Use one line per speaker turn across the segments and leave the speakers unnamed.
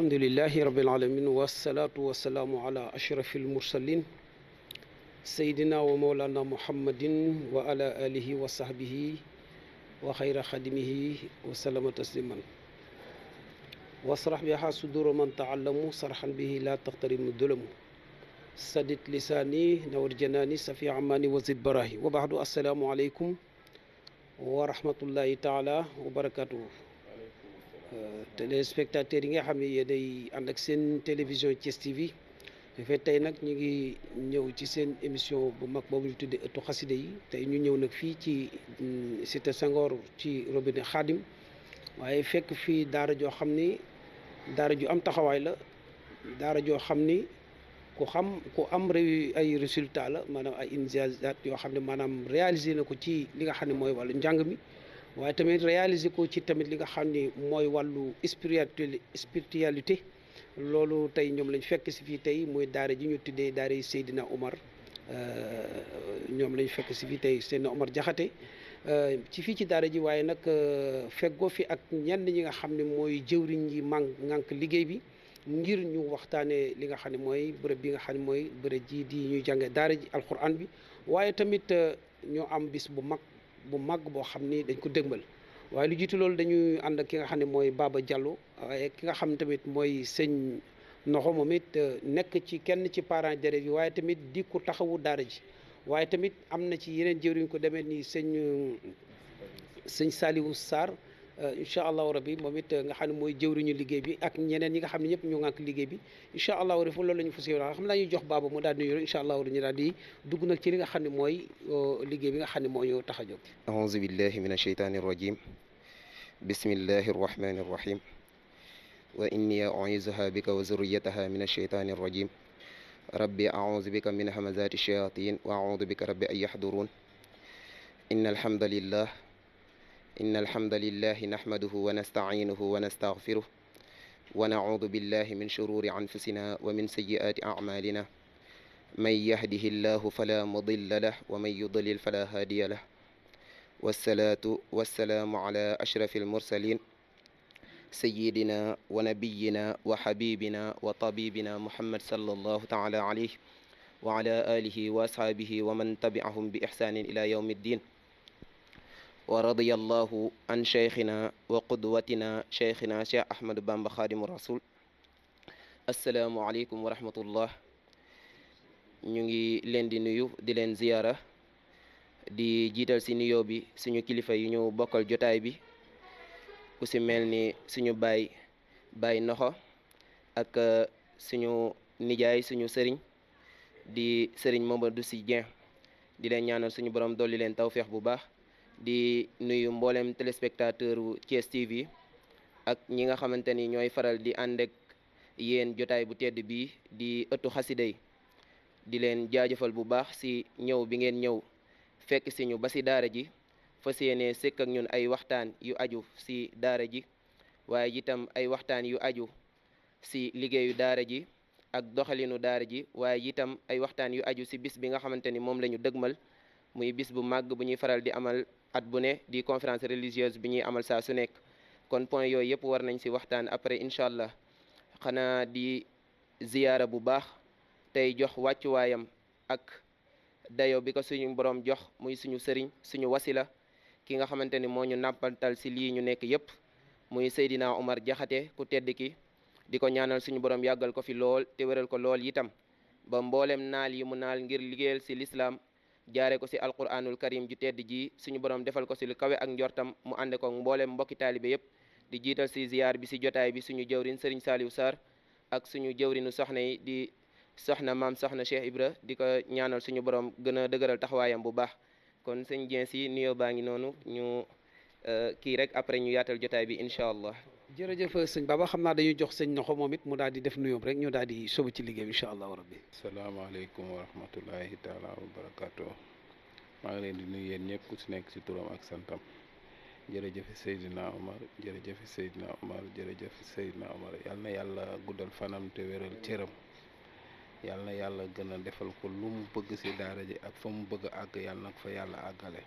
الحمد لله رب العالمين والصلاة والسلام على أشرف المرسلين سيدنا ومولانا محمد وعلى آله وصحبه وخير خدمه وسلم تسليما وصرح بها صدور من تعلموا صرحا به لا تقترب الظلم سدد لساني نور جناني سفي عماني وزد براهي وبعد السلام عليكم ورحمة الله تعالى وبركاته téléspectateurs yi nga xam ne yéenay ànd ak seen télévision Thiès TV bu fekkee tey nag ñu ngi ñëw ci seen émission bu mag boobu ñu tudd ëttu xaside yi tey ñu ñëw nag fii ci mm, cité Senghor ci robinet Khadim waaye fekk fii daara joo xam ni daara ju am taxawaay la daara joo xam ni ku xam ku am réew ay résultat la maanaam ay initiatives yoo xam ne maanaam réalisé na ko ci li nga xam ne mooy wàllu njàng mi. waaye tamit réaliser ko ci tamit li nga xam ni mooy wàllu spiritualité spiritualité loolu tey ñoom lañu fekk si fii tey mooy daara ji ñu tuddee daara yi Seydina Omar euh, ñoom lañ fekk si fii tey Seydina Omar Jaxate euh, ci fii ci daara ji waaye nag euh, feggoo fi ak ñenn ñi nga xam ne mooy jëwriñ ji man ngànk liggéey bi ngir ñu waxtaanee li nga xam ne mooy bërëb bi nga xam ne mooy bërëb jii di ñuy jànge daara ji alquran bi waaye tamit ñoo am bis bu mag bu màgg boo xam ni dañ ko dégmal waaye lu jiitu loolu dañuy ànd ak ki nga xam ne mooy Baba Diallo waaye ki nga xam tamit mooy sëñ Noxo moom it euh, nekk ci kenn ci parent d'élèves yi waaye tamit di ko taxawu daara ji waaye tamit am na ci yeneen jëwriñ ko demee nii sëñ sëñ Saliou Sarr incha allahu rabi moom it nga xam ne mooy jëwriñu liggéey bi ak ñeneen ñi nga xam ne ñëpp ñu ngànk liggéey bi incha allahu rabi loolu la ñu fas yéene xam naa ñu jox baaba mu daal di nuyu incha allahu ñu daal di dugg nag ci li nga xam ne mooy bi nga xam ne moo ñu tax
billahi min asheytaani rajim bismillahi arrahmani rahim wa inni auizuha bika wa zurriyataha min asheytaani arrajim rabbi auzu bika min hamazati shayatin wa auzu bika rabbi an yaxduruun inna alhamdulillah إن الحمد لله نحمده ونستعينه ونستغفره ونعوذ بالله من شرور أنفسنا ومن سيئات أعمالنا من يهده الله فلا مضل له ومن يضلل فلا هادي له والصلاة والسلام على أشرف المرسلين سيدنا ونبينا وحبيبنا وطبيبنا محمد صلى الله تعالى عليه وعلى آله وأصحابه ومن تبعهم بإحسان إلى يوم الدين ورضي الله عن شيخنا وقدوتنا شيخنا شيخ أحمد بن خادم الرسول السلام عليكم ورحمة الله نجي لندي نيو دي لين زيارة دي جيتال سي نيو بي سي نيو كليفة ينيو بوكال جوتاي بي وسي ملني سي نيو باي باي نخو اك سي نيو نيجاي سي نيو سرين دي سرين مومبر دو سي جين دي لين نيانا سي نيو بروم دولي لين توفيق بو باخ di nuyu mboolem téléspectateur u Thiès TV ak ñi nga xamante ni faral di andek yen yéen jotaay bu tedd bi di ëttu xasida di leen jaajëfal bu baax si ñëw bi ngeen ñëw fekk si ñu fasi si daara ji fas yéene sëkk ak ñun ay waxtaan yu aju si daara ji waaye itam ay waxtaan yu aju si liggéeyu daara ji ak doxalinu daara ji waaye itam ay waxtaan yu aju si bis bi nga xamante mom moom la ñu dëgmal muy bis bu màgg bu ñuy faral di amal at bu ne di conférence religieuse bi ñuy amal saa su nekk kon point yooyu yëpp war nañ si waxtaan après incha allah xanaa di ziyaara bu baax tey jox wàccuwaayam ak dayo bi ko suñu borom jox muy suñu sëriñ suñu wasila ki nga xamante ni moo ñu nàmpantal si lii ñu nekk yëpp muy Seydina Omar Jaxate ku tedd ki di ko ñaanal suñu borom yàggal ko fi lool te wéral ko lool itam ba mboolem naal yi mu naal ngir liggéeyal si lislaam jaare ko ci alquranul karim ju tedd ji suñu borom defal ko ci lu kawé ak njortam mu anda ko mboolem mbokki talibé yépp di jital ci ziar bi ci jotay bi suñu jëwrin serigne Saliou sar ak suñu jëwrinu soxna yi di soxna mam soxna Cheikh Ibra di ñaanal suñu borom gëna dëgëral bu baax kon serigne Dieng si nuyoo baa ngi noonu ñu euh, rek après ñu yatal jotay bi inshallah
jërëjëfe sëñ Baba xam naa dañuy jox sëñ Noxo moom
it mu daal di def nuyoom rek ñu daal di sóobu ci liggéey bi incha allahu rabbi salaamaaleykum wa rahmatullahi taala maa ngi leen di nuyu yéen ku ci nekk ci turam ak santam jërëjëf Seydina Omar jërëjëf Seydina Omar jërëjëf Seydina Omar yal na yàlla guddal fanam te wéral cëram yal na yàlla gën a defal ko lu mu bëgg ci daara ji ak fa mu bëgg a àgg yal na fa yàlla àggale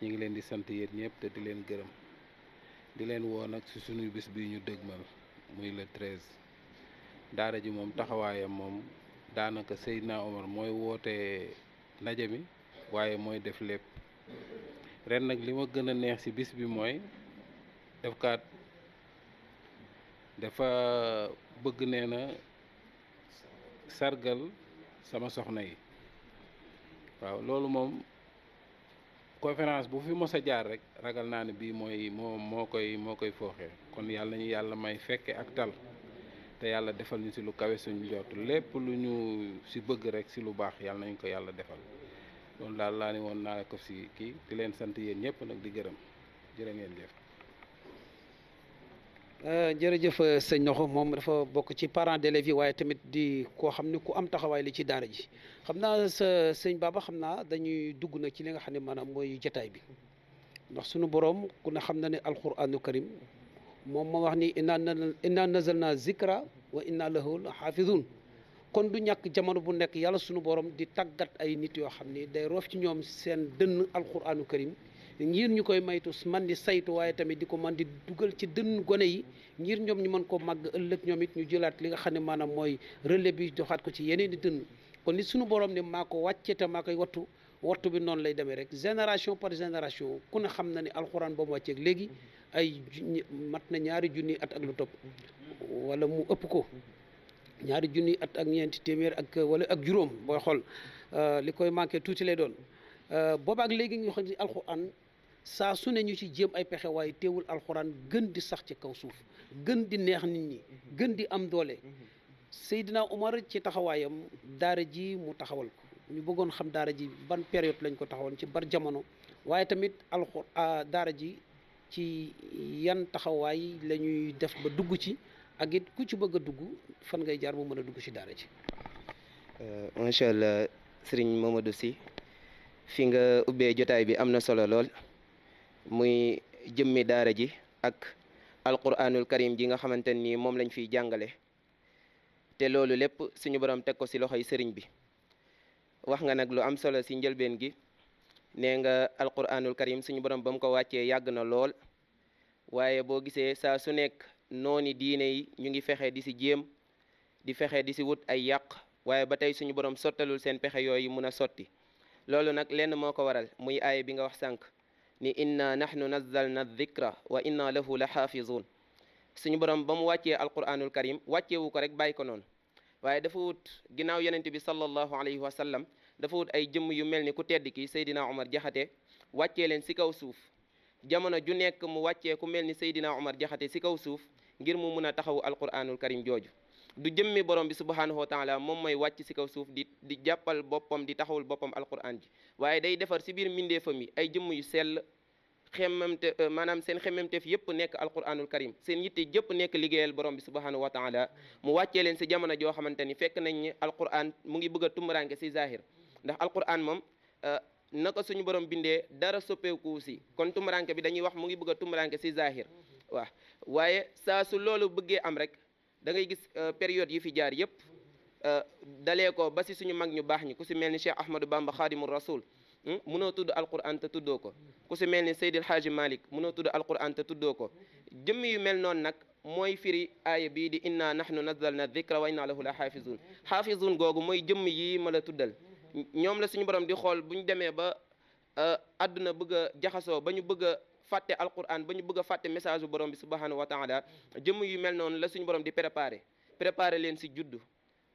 ñu ngi leen di sant yéen ñëpp te di leen gërëm. di leen woo nag ci suñu bis bi ñu dëgmal muy le treize daara ji moom taxawaayam moom daanaka Seydina Omar mooy woote ndaje mi waaye mooy def lépp ren nag li ma gën a neex ci bis bi mooy def kaat dafa bëgg nee na sargal sama soxna yi waaw loolu moom conférence bu fi mos a jaar rek ragal naa ne bii mooy moo moo koy moo koy fooxee kon yàlla na ñu yàlla may fekke ak tal te yàlla defal ñu si lu kawe suñu jot lépp lu ñu si bëgg rek si lu baax yàlla nañ ko yàlla defal loolu daal laa ne woon naa ko si kii di leen sant yéen ñëpp nag di gërëm jërë ngeen jëf.
Euh, jërëjëf euh, sëñ Noxo moom dafa bokk ci parents d'élèves waaye tamit di koo xam ne ku am taxawaay li ci daara ji xam naa sa sëñ Baba xam naa dañuy dugg na ci li nga xam ne maanaam mooy jataay bi ndax sunu borom ku ne xam na ne alquranu karim moom moo wax ni inna inna nazalna zikra wa inna lahu xaafidun kon du ñàkk jamono bu nekk yàlla sunu borom di tàggat ay nit yoo xam ni day roof ci ñoom seen dënn alquranu karim ngir ñu koy maytu man di saytu waaye tamit di ko man di dugal ci dënn gone yi ngir ñoom ñu man ko màgg ëllëg ñoom it ñu jëlaat li nga xam ne maanaam mooy relais bi joxaat ko ci yeneen di dënn kon li suñu borom ne maa ko wàccee te maa koy wattu wattu bi noonu lay demee rek génération par génération ku ne xam na ne alxuraan boobu mu wàcceeg léegi ay mat na ñaari junni at ak lu topp wala mu ëpp ko ñaari junni at ak ñeenti téeméer ak wala ak juróom booy xool euh, li koy manqué tuuti lay doon euh, boobaak léegi ñu xam ne saa su ne ñu ci jéem ay pexe teewul alxuraan gën di sax ci kaw suuf gën di neex nit ñi gën di am doole Seydina Omar ci taxawaayam daara ji mu taxawal ñu bëggoon xam daara ji ban période lañ ko taxawal ci bar jamono waaye tamit alxur daara ji ci yan taxawaay lañuy def ba dugg ci ak it ku ci bëgg a dugg fan ngay jaar mu mën a dugg ci daara ji.
Euh, macha allah sëriñ Mamadou Sy fi nga ubbee jotaay bi am na solo lool. muy jëmmi daara ji ak alquranul karim ji nga xamante ni moom lañu fiy jàngale te loolu lépp suñu borom teg ko ci loxoy sëriñ bi wax nga nag lu am solo ci njëlbeen gi nee nga alquranul karim suñu borom ba mu ko wàccee yàgg na lool waaye boo gisee saa su nekk nooni diine yi ñu ngi fexe di ci jéem di fexe di ci wut ay yàq waaye ba tey suñu borom sottalul seen pexe yooyu mun a sotti loolu nag lenn moo ko waral muy aaya bi nga wax sànq إنا نحن nazzalna dhikra wa inna lahu la suñu borom ba mu wàccee alquranul karim wàcceewu ko rek bàyyi ko noonu waaye dafa wut ginnaaw yonente bi sallallahu alayhi wa sallam dafa wut ay jëmm yu mel ni ku tedd ki sayidina Omar Jaxate wàccee leen si kaw suuf jamono ju nekk mu wàccee ku mel ni Seydina Omar Jaxate si kaw suuf ngir mu mun a taxawu alquranul karim jooju du jëmmé borom bi subhanahu wa taala mom moy wacc ci kaw suuf di di jappal bopam di taxawul bopam alquran ji waye day défar ci bir minde fami ay jëm yu khememte euh, manam sen seen xemmamteef yëpp nek alquranul karim seen yitté jëpp nek ligéyal borom bi subhanahu wa taala mu waccé len ci jamono jo xamanteni fekk nañ ni alquran mu ngi bëgg a ci zahir ndax alquran mom euh, naka suñu borom bindé dara soppeeku ci kon tumbaranke bi dañuy wax mu ngi bëgg a ci zahir wa waye saa su loolu bëggee am rek da ngay gis période yi fi jaar yëpp dalé ko ba ci suñu mag ñu bax ñu ku ci melni Cheikh Ahmadou Bamba khadimur Rasoul mënoo tuddu alquran ta tuddo ko ku ci melni ni Seydil malik Malick tuddu alquran ta tuddo ko jëm yu mel non nak moy firi aya bi di inna nahnu nazzalna dhikra wa inna lahu la hafizun xaafizun googu mooy jëmm yii ma tuddal ñom la suñu borom di xol buñu démé ba aduna bëgg jaxaso bañu bëgg fàtte alquran Quran, bëgg Fatih, message bu borom bi subhanahu wa taala jëm yu mel non la suñu borom di préparer préparer len si judd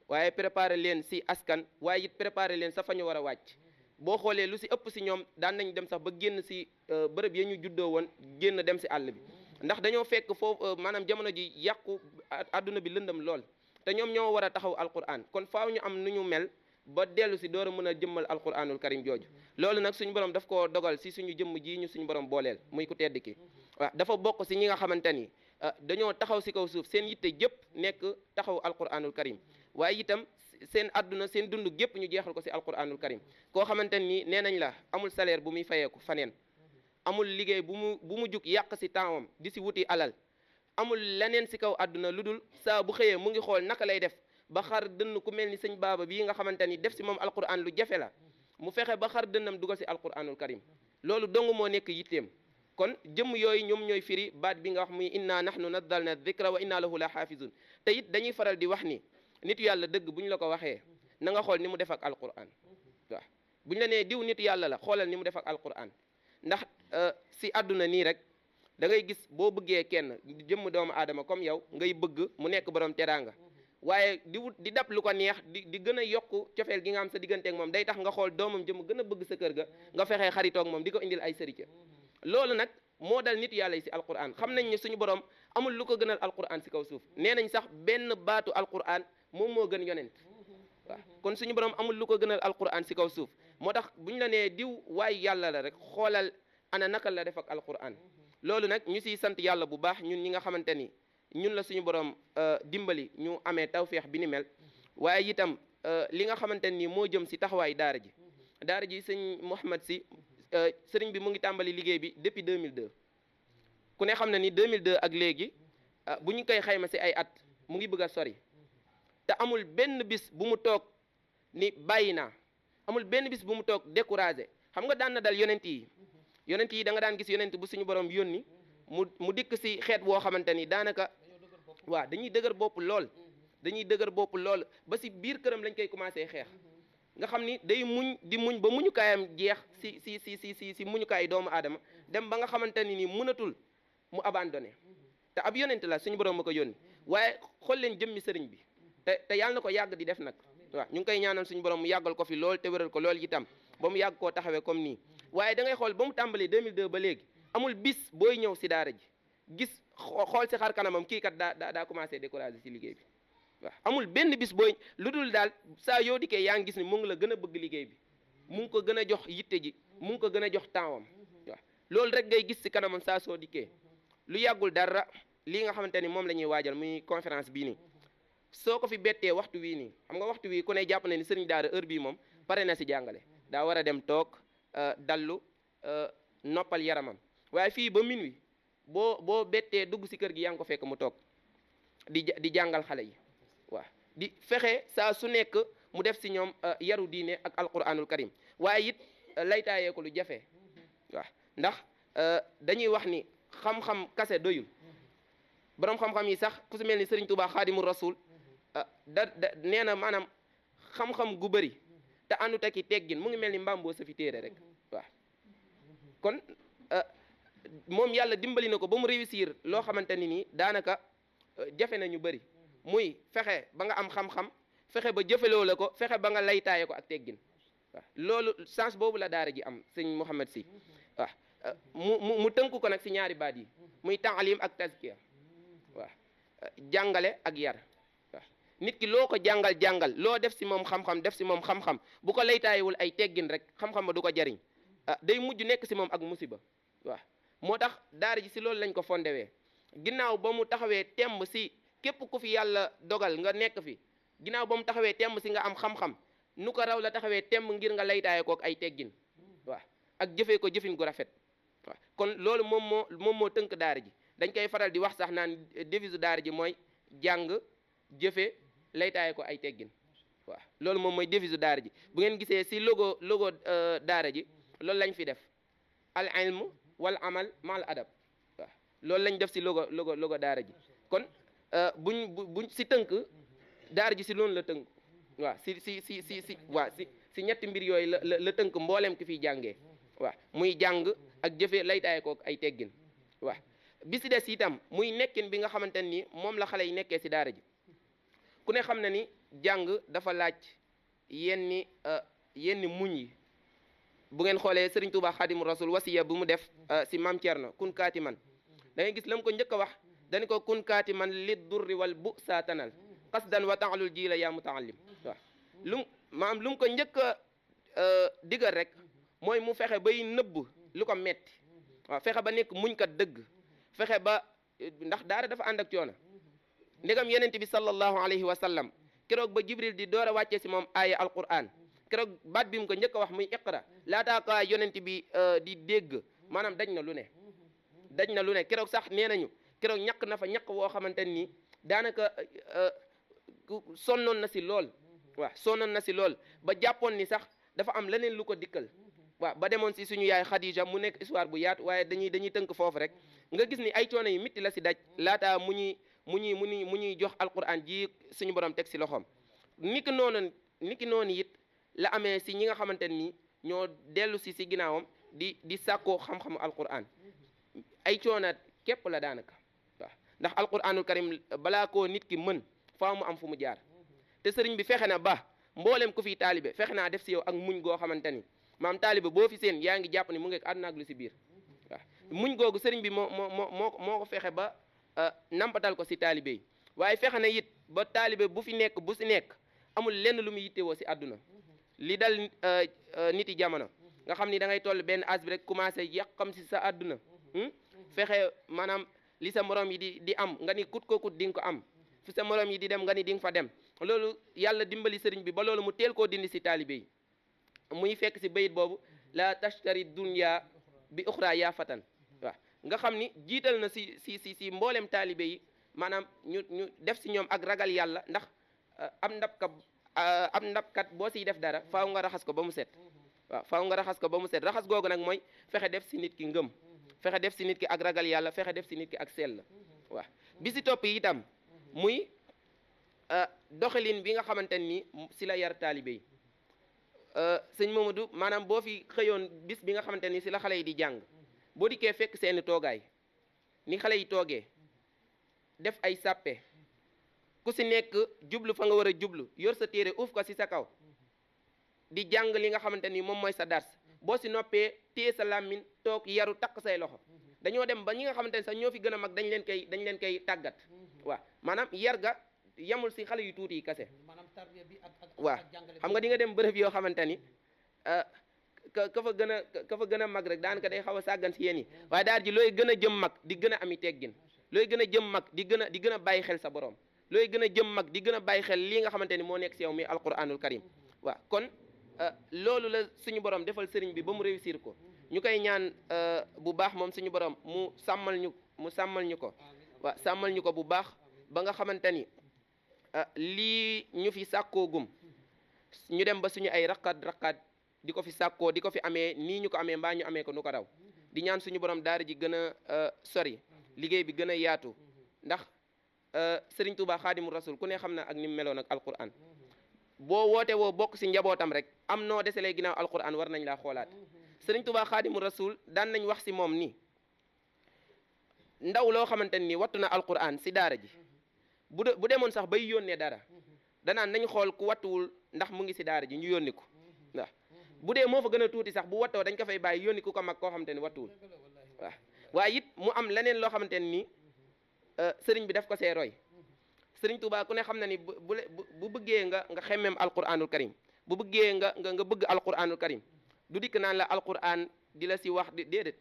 waye préparer len si askan waye it préparer len sa fañu wara wacc bo xolé lu si ëpp ci ñom daan nañ dem sax ba génn si euh, bërepp ya ñu won woon génn dem si all bi ndax dañoo fekk foofu euh, manam jamono ji yaqku aduna bi lëndam lool té ñom ñoo wara taxaw alquran kon faaw ñu am nuñu mel ba delu ci doora a jëmmal alquranul karim joju loolu nak suñu borom daf ko dogal si suñu jëm ji ñu suñu borom bolel muy ku tedd ki wa dafa bok si ñi nga xamanteni ah, dañoo taxaw ci kaw suuf seen yitte jëpp nek taxaw alquranul karim waye itam seen aduna seen dundu gep ñu jeexal ko ci alquranul karim ko xamanteni nenañ la amul salaire bu muy fayeeku fanen amul liggey bu mu bu mu juk yàq ci di ci wuti alal amul lenen si kaw aduna ludul sa bu xeye mu ngi xol naka lay def ba xar dënn ku mel ni sëñ baaba bii nga xamante def si moom alquran lu jafe la mu fexe ba xar dënnam dugal si alquranul karim loolu dong moo nekk yitteem kon jëmm yooyu ñoom ñooy firi baat bi nga wax muy inna nahnu nazzalna dhikra wa inna lahu la xaafizun te it dañuy faral di wax ni nit yàlla dëgg bu la ko waxee na nga xool ni mu def ak alquran waaw bu ñu la nee diw nit yàlla la xoolal ni mu def ak alquran ndax si àdduna nii rek da ngay gis boo bëggee kenn jëmm doomu aadama comme yow ngay bëgg mu nekk borom teraanga waye di dap di dab lu ko neex di di gëna yokku ciofel gi nga am sa digënté ak moom day tax nga xol doomam jëm gëna bëgg sa kër ga nga fexé xarit moom di diko indil ay sërica loolu nak mo dal nit yalla ci alquran xam nañ suñu borom amul lu ko gënal alquran si kaw suuf nenañ ben sax benn baatu alquran mom mo gën yonent kon suñu borom amul lu ko gënal alquran si kaw suuf motax buñ la né diw way yalla la rek xolal ana naka la def ak alquran loolu nak ñu ci sant yalla bu baax ñun ñi nga xamanteni ñun la suñu borom euh, dimbali ñu amee tawféex bi ni mel waaye itam euh, li nga xamante ni moo jëm si taxawaay daara ji daara ji sëñ Mouhamad si euh, sëriñ bi mu ngi tàmbali liggéey bi depuis 2002 ku ne xam na ni 2002 ak léegi bu ñu koy xayma si ay at mu ngi bëgg a sori te amul benn bis bu mu toog ni bàyyi naa amul benn bis bu mu toog découragé xam nga daan na dal yonent yi yonent yi danga nga daan gis yonent bu suñu borom yónni mu mu dikk si xeet woo xamante ni daanaka waaw dañuy dëgër bopp lool dañuy dëgër bopp lool ba si biir këram lañ koy commencé xeex nga xam ni day muñ di muñ ba muñukaayam jeex si si si si si si muñu doomu aadama dem ba nga xamante ni nii mënatul mu abandonné te ab yonent la suñu borom ma ko yónni waaye xol leen jëmmi sëriñ bi te te yàlla na ko yàgg di def nag waa ñu ngi koy ñaanal suñu borom mu yàggal ko fi lool te wéral ko lool itam ba mu yàgg koo taxawee comme nii waaye da ngay xool ba mu tàmbalee 2002 ba léegi amul bis ñëw si daara ji gis xool si xar kanamam kii kat daa daa daa commencé découragé si liggéey bi waaw amul benn bis booy lu dul daal saa yoo dikkee yaa ngi gis ni mu ngi la gën a bëgg liggéey bi mu ngi ko gën a jox yitte ji mu ngi ko gën a jox tempsam waaw loolu rek ngay gis si kanamam saa soo dikkee lu yàggul dara lii nga xamante ni moom la ñuy waajal muy conférence bii nii soo ko fi bettee waxtu wii nii xam nga waxtu wii ku ne jàpp na ni sëriñ daara heure bii moom pare na si jàngale daa war a dem toog euh, dallu euh, noppal yaramam bo bo bété dugg ci kër gi yang ko fekk mu tok di di jangal xalé yi wa di fexé sa su nek mu def ci ñom euh, yaru diiné ak alquranul karim waye it euh, laytaayee ko lu jafe wa ndax euh, dañuy wax ni xam-xam kase doyul borom xam-xam yi sax ku su melni Serigne Touba Rasul da da na xam-xam gu bari te andu ak i teggin mu ngi melni mbambo sa fi téré rek wa kon. moom yàlla dimbali na ko ba mu réussir loo xamante ni nii daanaka euh, jafe na ñu bëri muy fexe ba nga am xam-xam fexe ba jëfeloo la ko fexe ba nga laytaaye ko ak teggin loolu sens boobu la daara ji am sëñ Mouhamed si waaw mu tënk ko nag si ñaari baat yi muy taalim ak tazkiya waaw euh, ak yar nit ki loo ko jàngal jàngal loo def si moom xam def si moom xam bu ko laytaayewul ay teggin rek xam-xam ba du ko jariñ ah day mujj nekk si moom ak musiba waaw moo tax daara ji si loolu lañ ko fondewee ginnaaw ba mu taxawee temb si képp ku fi yàlla dogal nga nekk fi ginnaaw ba mu taxawee temb si nga am xam-xam nu ko raw la taxawee temb ngir nga laytaaye kook ay teggin waaw ak jëfee ko jëfin gu rafet waaw kon loolu moom moom moo tënk daara ji dañ koy faral di wax sax naan devise daara ji mooy jàng jëfe laytaaye ko ay teggin waaw loolu moom mooy devise daara ji bu ngeen gisee si logo logo euh, daara ji loolu lañ fi def al ilm wal amal mal adab waaw lañ def si logo logo logo daara ji kon euh, buñ buñ si teunk daara ji si loolu la teunk wa si si si si si wa si si ñetti mbir yoy la la teunk mbollem ki fi jangé wa muy jang ak jëfé lay taay ko ay téggin wa bi ci dess itam muy nekkine bi nga xamanteni ni moom la xalé yi nekké ci daara ji ku ne xamna ni jang dafa laacc yenni euh, yenni muñ yi bu ngeen xoolee Serigne Touba Xaadimu Rasul wasiya bu mu def euh, si Maam Thierno kun kaati man da gis lam ko njëkk a wax dañ ko kun kaati man li durri wal bu saa tanal qasdan wa taalul ji la yaa mutaallim waaw lum maam lu mu ko njëkk a euh, rek mooy mu fexe bay nëbb lu ko metti waaw fexe ba nekk muñ kat dëgg fexe ba ndax daara dafa ànd ak coono ndegam yenent bi sallallahu alayhi wa sallam keroog ba Jibril di door a wàccee si moom aaya alquran keroog baat bi mu ko njëkk a wax muy iqra laataa kaa yonent bi euh, di dégg maanaam daj na lu ne daj na lu ne keroog sax nee nañu keroog ñaq na fa ñaq woo xamante nii daanaka euh, euh, sonnoon na si lool waaw sonnoon na si lool ba jàppoon ni sax dafa am leneen lu ko dikkal waaw ba demoon si suñu yaay Khadija mu nekk histoire bu yaatu waaye dañuy dañuy tënk foofu rek nga gis ni ay coono yu mitti la si daj laataa mu ñuy mu ñuy mu ñuy mu ñuy jox alquran ji suñu borom teg si loxoom niki noonu niki noonu it la amee si ñi nga xamante nii ñoo dellu si si ginnaawam di di sàkkoo xam-xamu alquran ay coonaat képp la daanaka ndax alquranul karim balaa ko nit ki mën faaw mu am fu mu jaar te sëriñ bi fexe na ba mboolem ku fi taalibe fexe naa def si yow ak muñ goo xamante ni maam taalibe boo fi seen yaa ngi jàpp ni mu ngi àdduna ak lu si biir muñ googu sëriñ bi moo moo moo moo ko fexe ba euh, nampatal ko si taalibe yi waaye fexe na it ba taalibe bu fi nekk bu si nekk amul lenn lu mu si àdduna li dal euh, euh, nit yi jamono nga xam ni dangay toll benn as bi rek commencé yàqam si sa àdduna hmm? fexe maanaam li sa moroom yi di di am nga ni kut ko kut di nga ko am fu sa morom yi di dem nga ni di nga fa dem loolu yàlla dimbali sëriñ bi ba loolu mu teel koo dindi si taalibe yi muy fekk si bayit boobu la tashtari dunya bi uxra yaa fatan waaw nga xam ni jiital na si si si si mboolem taalibe yi maanaam ñu ñu def si ñoom ak ragal yàlla ndax euh, am ndab ka Euh, ab ndabkat boo siy def dara faw nga raxas ko ba mu set waaw faaw nga raxas ko ba mu set raxas googu nag mooy fexe def si nit ki ngëm fexe def si nit ki ak ragal yàlla fexe def si nit ki ak sell waaw bi si topp itam muy euh, doxalin bi nga xamante nii si la yar taalibe yi euh, sëñ Mamadou maanaam boo fi xëyoon bis bi nga xamante ni si la xale yi di jàng boo dikkee fekk seeni toogaay ni xale yi toogee def ay sàppe ku si nek jublu fa nga wara jublu yor sa téré ouf ko si sa kaw di jang li nga xamanteni mom moy sa dars bo si noppé té sa lamine tok yaru tak say loxo dañu dem ba ñi nga xamanteni sax ñoo mag dañ leen kay dañ leen kay tagat wa manam yar ga yamul si xalé yu ak kase
wa xam nga di nga dem bërëb
yo xamanteni ni ah, ka ka fa gëna ka fa gëna mag rek daanaka day xawa a sàggan yi daal ji loy gëna jëm mag di gëna ami teggin loy gëna jëm mag di gëna di gëna bayyi xel sa borom loy gëna jëm mag di gëna bay xel li nga xamanteni mo nekk ci yow mi alquranul karim wa kon euh, loolu la suñu borom defal sëriñ bi ba mu réussir ko ñukay ñaan euh, bu baax mom suñu borom mu samal ñu mu samal ñuko wa samal ñuko bu baax ba nga xamanteni euh, li nyudem ñu fi gum ñu dem ba suñu ay raqaat raqaat di ko fi sakko di ko fi amé ni ñuko amé ba ñu amé ko nuko raw di ñaan suñu borom daara ji gëna sori liggéey bi gëna yaatu ndax Serigne Touba Xaadimu Rasul ku ne xam na ak ni mu meloon ak alquran boo woote woo bokk si njabootam rek am noo deselee ginnaaw alquran war nañ laa xoolaat Serigne Touba Xaadimu Rasul daan nañ wax si moom ni ndaw loo xamante ni wattu na alquran si daara ji bu bu demoon sax bay yónnee dara danaan nañ xool ku wattuwul ndax mu ngi si daara ji ñu yónni ko waaw bu dee moo fa gën a tuuti sax bu wattoo dañ ko fay bàyyi yónni ku ko mag koo xamante ni wattuwul waaw waaye it mu am leneen loo xamante ni Eh, sering bi daf ko see roy sëriñ Touba ku ne xamna ni bu beugé nga nga xemem alquranul karim bu beugé nga nga nga bëgg alquranul karim du dik nan la alquran di si wax dedet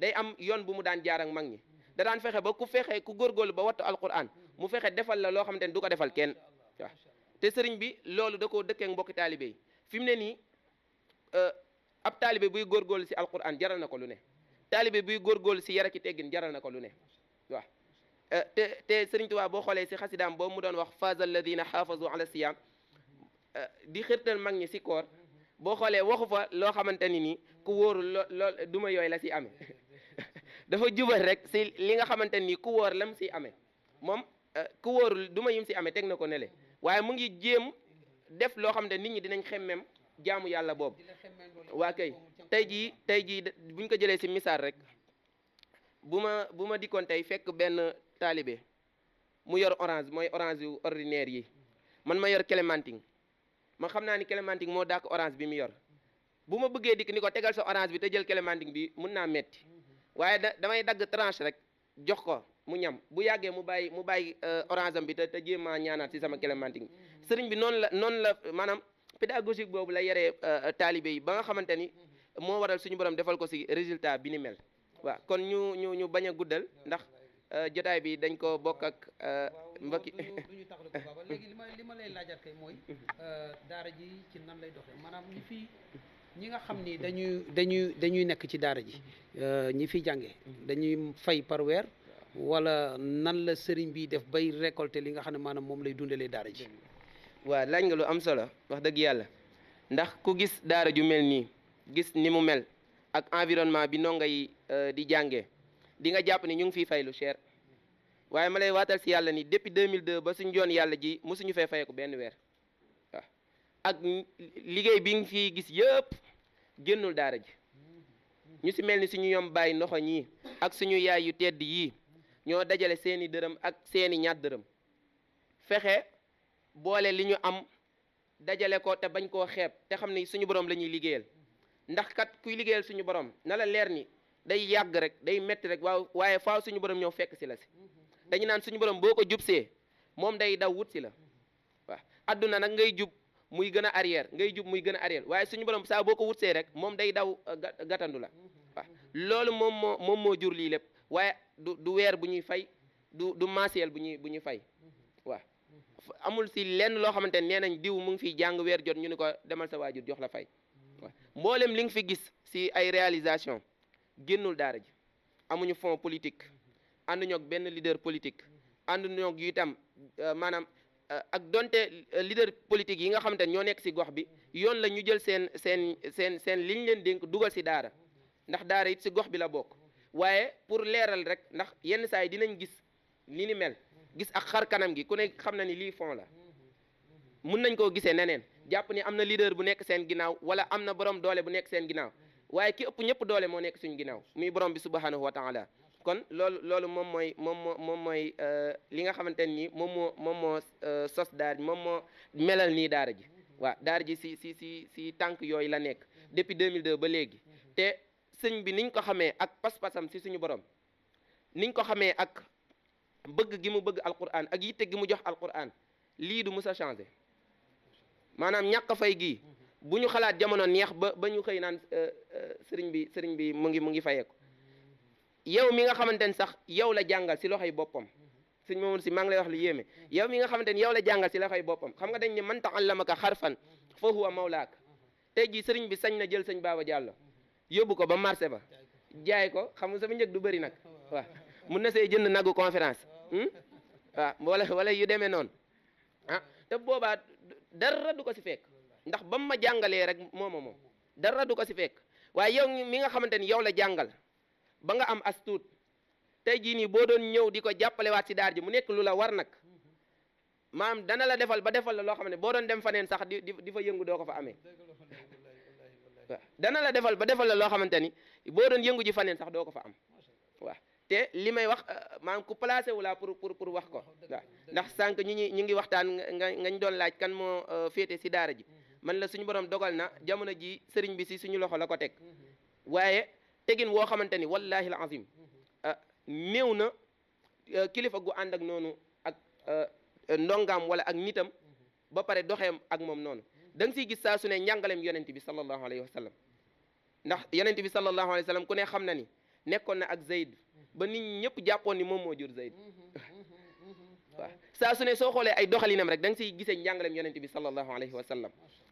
day am yon bu mu daan jaar ak magni da daan fexé ba ku fexé ku gorgol ba wattu alquran mu fexé defal la lo xamne du ko defal ken, te sering bi loolu da koo dëkkee mbokki talibé yi ni euh ab talibé buy gorgol si alquran jaral nako lu ne talibé buy gorgol si yara ki teggin jaral nako lu ne te te sëriñ Tuubaa boo xoolee si xasidaam boobu mu doon wax faza alladina xaafazu ala siyaam di xirtal mag ñi si koor boo xoolee waxu fa loo xamante ni ku wóorul duma yooyu la si amee dafa jubal rek si li nga xamante ku wóor lam si amé moom ku wóorul duma yim si amee teg na ko ne le waaye mu ngi jéem def loo xam nit ñi dinañ xemmem jaamu yàlla bob waa kay tey jii tey jii buñ ko jëlee si misaal rek bu ma bu ma fekk benn talibé mu yor orange moy orange ordinaire yi man ma yor clémentine man xamna ni clémentine mo dak orange bi mu yor bu bëggé dik niko tégal tegal sa orange bi té jël clémentine bi mun naa metti waaye damay dag tranche rek jox ko mu ñam bu yagge mu bay mu bay euh, orange am bi té te jéem ci sama clémentine bi sëriñ bi non la non la manam pédagogique bobu la yéré euh, talibé yi ba nga xamanteni ni waral suñu borom defal ko ci résultat bi ni mel wa kon ñu ñu ñu baña guddal ndax Euh, jotaay bi dañ ko bokk ak euh, mbokki duñu
taxlu ko li ma li ma lay laajaat kay mooy euh, daara ji ci nan lay doxee maanaam fii ñi nga xam ni dañuy dañuy dañuy nekk ci daara ji ñi fiy jànge dañuy fay par weer wala nan la sëriñ bi def bay récolter li nga xam ne maanaam moom lay dundalee daara ji
waa laaj nga lu am solo wax dëgg yàlla ndax ku gis daara ju mel nii gis ni mu mel ak environnement bi ndongo yi di jàngee di nga jàpp ni ñu ngi fiy fay lu cher waaye ma lay waatal si yàlla ni depuis 2002 ba suñ joon yàlla ji mosuñu fee fayeeku benn weer ak liggéey bi ngi fi gis yëpp génnul daara ji ñu si mel ni suñu ñoom bàyyi ndoxoñ yi ak suñu yaay yu tedd yii ñoo dajale seeni dërëm ak seeni ñaat dërëm fexe boole li ñu am dajale ko te bañ koo xeeb te xam ni suñu borom la ñuy liggéeyal ndax kat kuy liggéeyal suñu borom na la leer ni day yàgg rek day metti rek waaw waaye faaw suñu borom ñëw fekk si la si mhm. dañu naan suñu borom boo ko jub see moom day daw wut si la mhm. waaw adduna nag ngay jub muy gën a arrière ngay jub muy gën a arrière waaye suñu borom saa boo ko wut rek moom day daw uh, gàttandu la mhm. waaw loolu moom moo moom moo jur lii lépp waaye du du weer bu ñuy fay du du mensuel bu ñuy bu ñuy fay waaw amul si lenn loo xamante nee nañ diw mu ngi fiy jàng weer jot ñu ne ko demal sa waajur jox la fay waaw li nga fi gis si ay réalisation génnul daara ji amuñu fond politique ànduñook benn leader politique ànduñu ak itam euh, maanaam euh, ak donte euh, leader politique yi nga xamante ne ñoo nekk si gox bi yoon la ñu jël seen seen seen seen liñ leen dénk dugal si daara ndax daara it si gox bi la bokk waaye pour leeral rek ndax yenn saa yi dinañ gis li ni mel gis ak xar kanam gi ku ne xam na ni lii fond la mun nañ koo gisee neneen jàpp ni am na leader bu nekk seen ginnaaw wala am na borom doole bu nekk seen ginnaaw waaye ki ëpp ñëpp doole moo nekk suñu ginnaaw muy borom bi subhanahu wa taala kon loolu loolu moom mooy moom moo moom mooy euh, li nga xamante ne nii moom moo moom moo euh, sos daara ji moom moo melal nii daara ji waaw daara ji si si si si tànk yooyu la nekk depuis 2002 ba léegi te sëñ bi niñ ko xamee ak pas-pasam si suñu borom niñ ko xamee ak bëgg gi mu bëgg alquran ak yitte gi mu jox alquran lii du mus a changé maanaam ñàkk fay gii buñu xalaat jamono neex ba seringbi xey naan euh, euh, sëriñ bi sëriñ bi mu ngi mu ngi fayee yow mi nga xamante sax yow la jangal ci loxay bopam sëriñ Mamadou ci maa ngi lay wax li yéeme yow mi nga xamante yow la jangal ci loxay bopam xam nga dañ ni man ta'allamaka fa huwa mawlak tay ji sëriñ bi sañ na jël Baba Diallo yobbu ko ba marché ba jaay ko xam nga sama njëg du bari nak wa mu na sey jënd nagu conférence hmm? wa wala wala yu démé non ah te boba dara du ko ci fekk ndax bama ma jàngalee rek mooma moom dara du ko ci fek way yow mi nga xamanteni yow la jangal ba nga am astut. tay ji ni bo doon ñew di jappale wat ci daar ji mu nek lula war nak maam dana la defal ba defal la lo xamanteni bo doon dem fanen sax di di fa yëngu doo ko fa amé dana la defal ba defal la lo xamanteni bo doon yëngu ji fanen sax doo ko fa am wa te limay wax euh, maam ku placé wala pour pour pour wax ko ndax sank ñi ñi ngi waxtaan nga ngañ doon laaj kan mo euh, féete si daara ji man la suñu borom dogal na jamono ji sëriñ bi si suñu loxo la ko teg waaye tegin woo xamante ni wallaahi al azim mm-hmm. ah, néew na ah, kilifa gu ànd ak noonu ak ah, ndongaam wala ak nitam mm-hmm. ba pare doxeem ak moom noonu mm-hmm. da nga siy gis saa su ne njàngaleem yonent bi sallallahu alayhi wa sallam ndax yonent bi sallallahu alayhi wa sallam ku ne xam na ni nekkoon na ak Zayd ba nit ñëpp jàppoon ni moom moo jur Zayd saa su ne soo xoolee ay doxalinam rek da nga siy gisee njàngaleem yonent bi sallallahu alayhi wa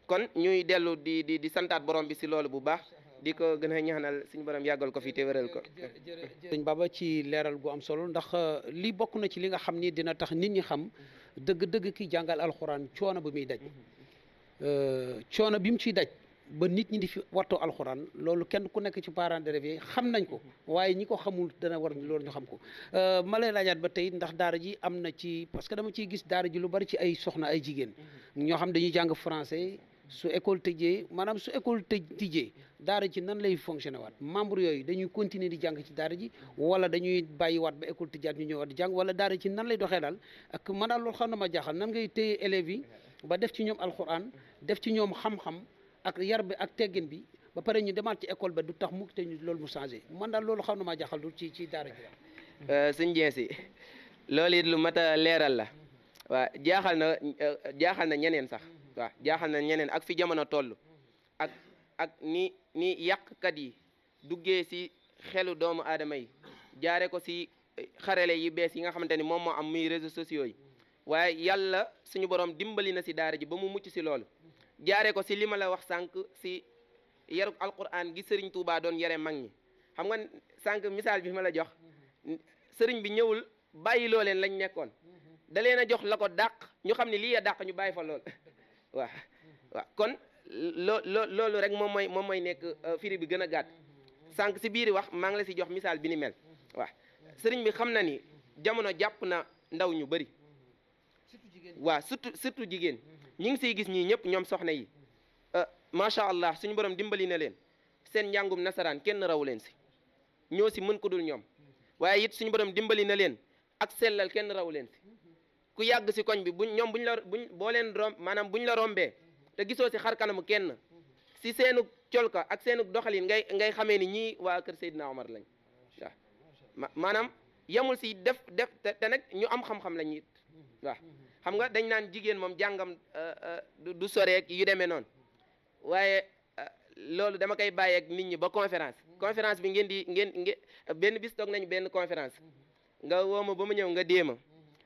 kon ñuy dellu di di di santaat borom bi si loolu bu baax di ko gën a ñaanal suñu borom yàggal ko fi te wéral ko.
sëñ Baba ci leeral gu am solo ndax euh, li bokk na ci li nga xam ni dina tax nit ñi xam dëgg-dëgg ki jàngal alxuraan coono bi muy daj euh, coono bi mu ciy daj. ba nit ñi di fi wattoo alxuraan loolu kenn ku nekk ci parents d'élèves yi xam nañ ko waaye ñi ko xamul dana war loolu ñu xam ko euh, ma lay laajaat ba tey ndax daara ji am na ci parce que dama ciy gis daara ji lu bari ci ay soxna ay jigéen ñoo xam dañuy jàng français su école tëjee maanaam su école tëj tijjee daara ji nan lay fonctionné waat membre yooyu dañuy continuer di jàng ci daara ji wala dañuy bàyyi waat ba école tëjaat ñu ñëwaat di jàng wala daara ci nan lay doxee daal ak man daal loolu xam na ma jaxal nan ngay téye élèves yi ba def ci ñoom alxuraan def ci ñoom xam-xam ak yar bi ak teggin bi ba pare ñu demaat ci école ba du tax mu te ñu loolu mu changé man daal loolu xam na ma jaaxal du ci ci daara ji daal.
Euh, sëñ Dieng si loolu lu mat a leeral la jaaxal na euh, jaaxal na ñeneen sax. wa jaaxal na ñeneen ak fi jamono toll ak ak ni ni kat yi duggee si xelu doomu aadama yi jaare ko si eh, xarale yi bees yi nga xamanteni ni mo am muy réseaux sociaux yi waaye yàlla suñu borom dimbali na si daara ji ba mu mucc si loolu jaare ko si lima la wax sànq si yaru alquran gi sëriñ Touba doon yare mag ñi xam nga sànq misaal bi ma la jox sëriñ bi ñëwul bàyyi loo leen lañ nekkoon da leen a jox la ko ñu xam lii a ñu bàyyi fa waaw waaw kon loo loo loolu rek moom mooy moom mooy nekk euh, firi bi gën a gàtt sànq si biiri wax maa ngi la si jox misaal bi ni mel waaw sëriñ bi xam na ni jamono jàpp na ndaw ñu bëri waa surtout surtout jigéen ñi ngi siy gis ñii ñëpp ñoom soxna yi euh, macha allah suñu borom dimbali na leen seen njàngum nasaraan kenn raw leen si ñoo si mën ko dul ñoom waaye it suñu borom dimbali na leen ak sellal kenn raw leen si ku yàgg si koñ bi buñ ñoom bu ñu la buñ boo leen rom maanaam bu ñu la rombee te gisoo si xar kanamu kenn si seenu colka ak seenu doxalin ngay ngay xamee ni ñii waa kër Seydina Omar lañ waaw maanaam yemul si def def nag ñu am xam-xam lañ it waaw xam nga dañ naan jigéen moom jàngam euh, euh, du soreek yu demee noonu waaye euh, loolu dama koy bàyyi nit ñi ba conférence conférence bi ngeen di ngeen ngeen benn bis toog benn conférence nga woo ma ba ma ñëw nga déema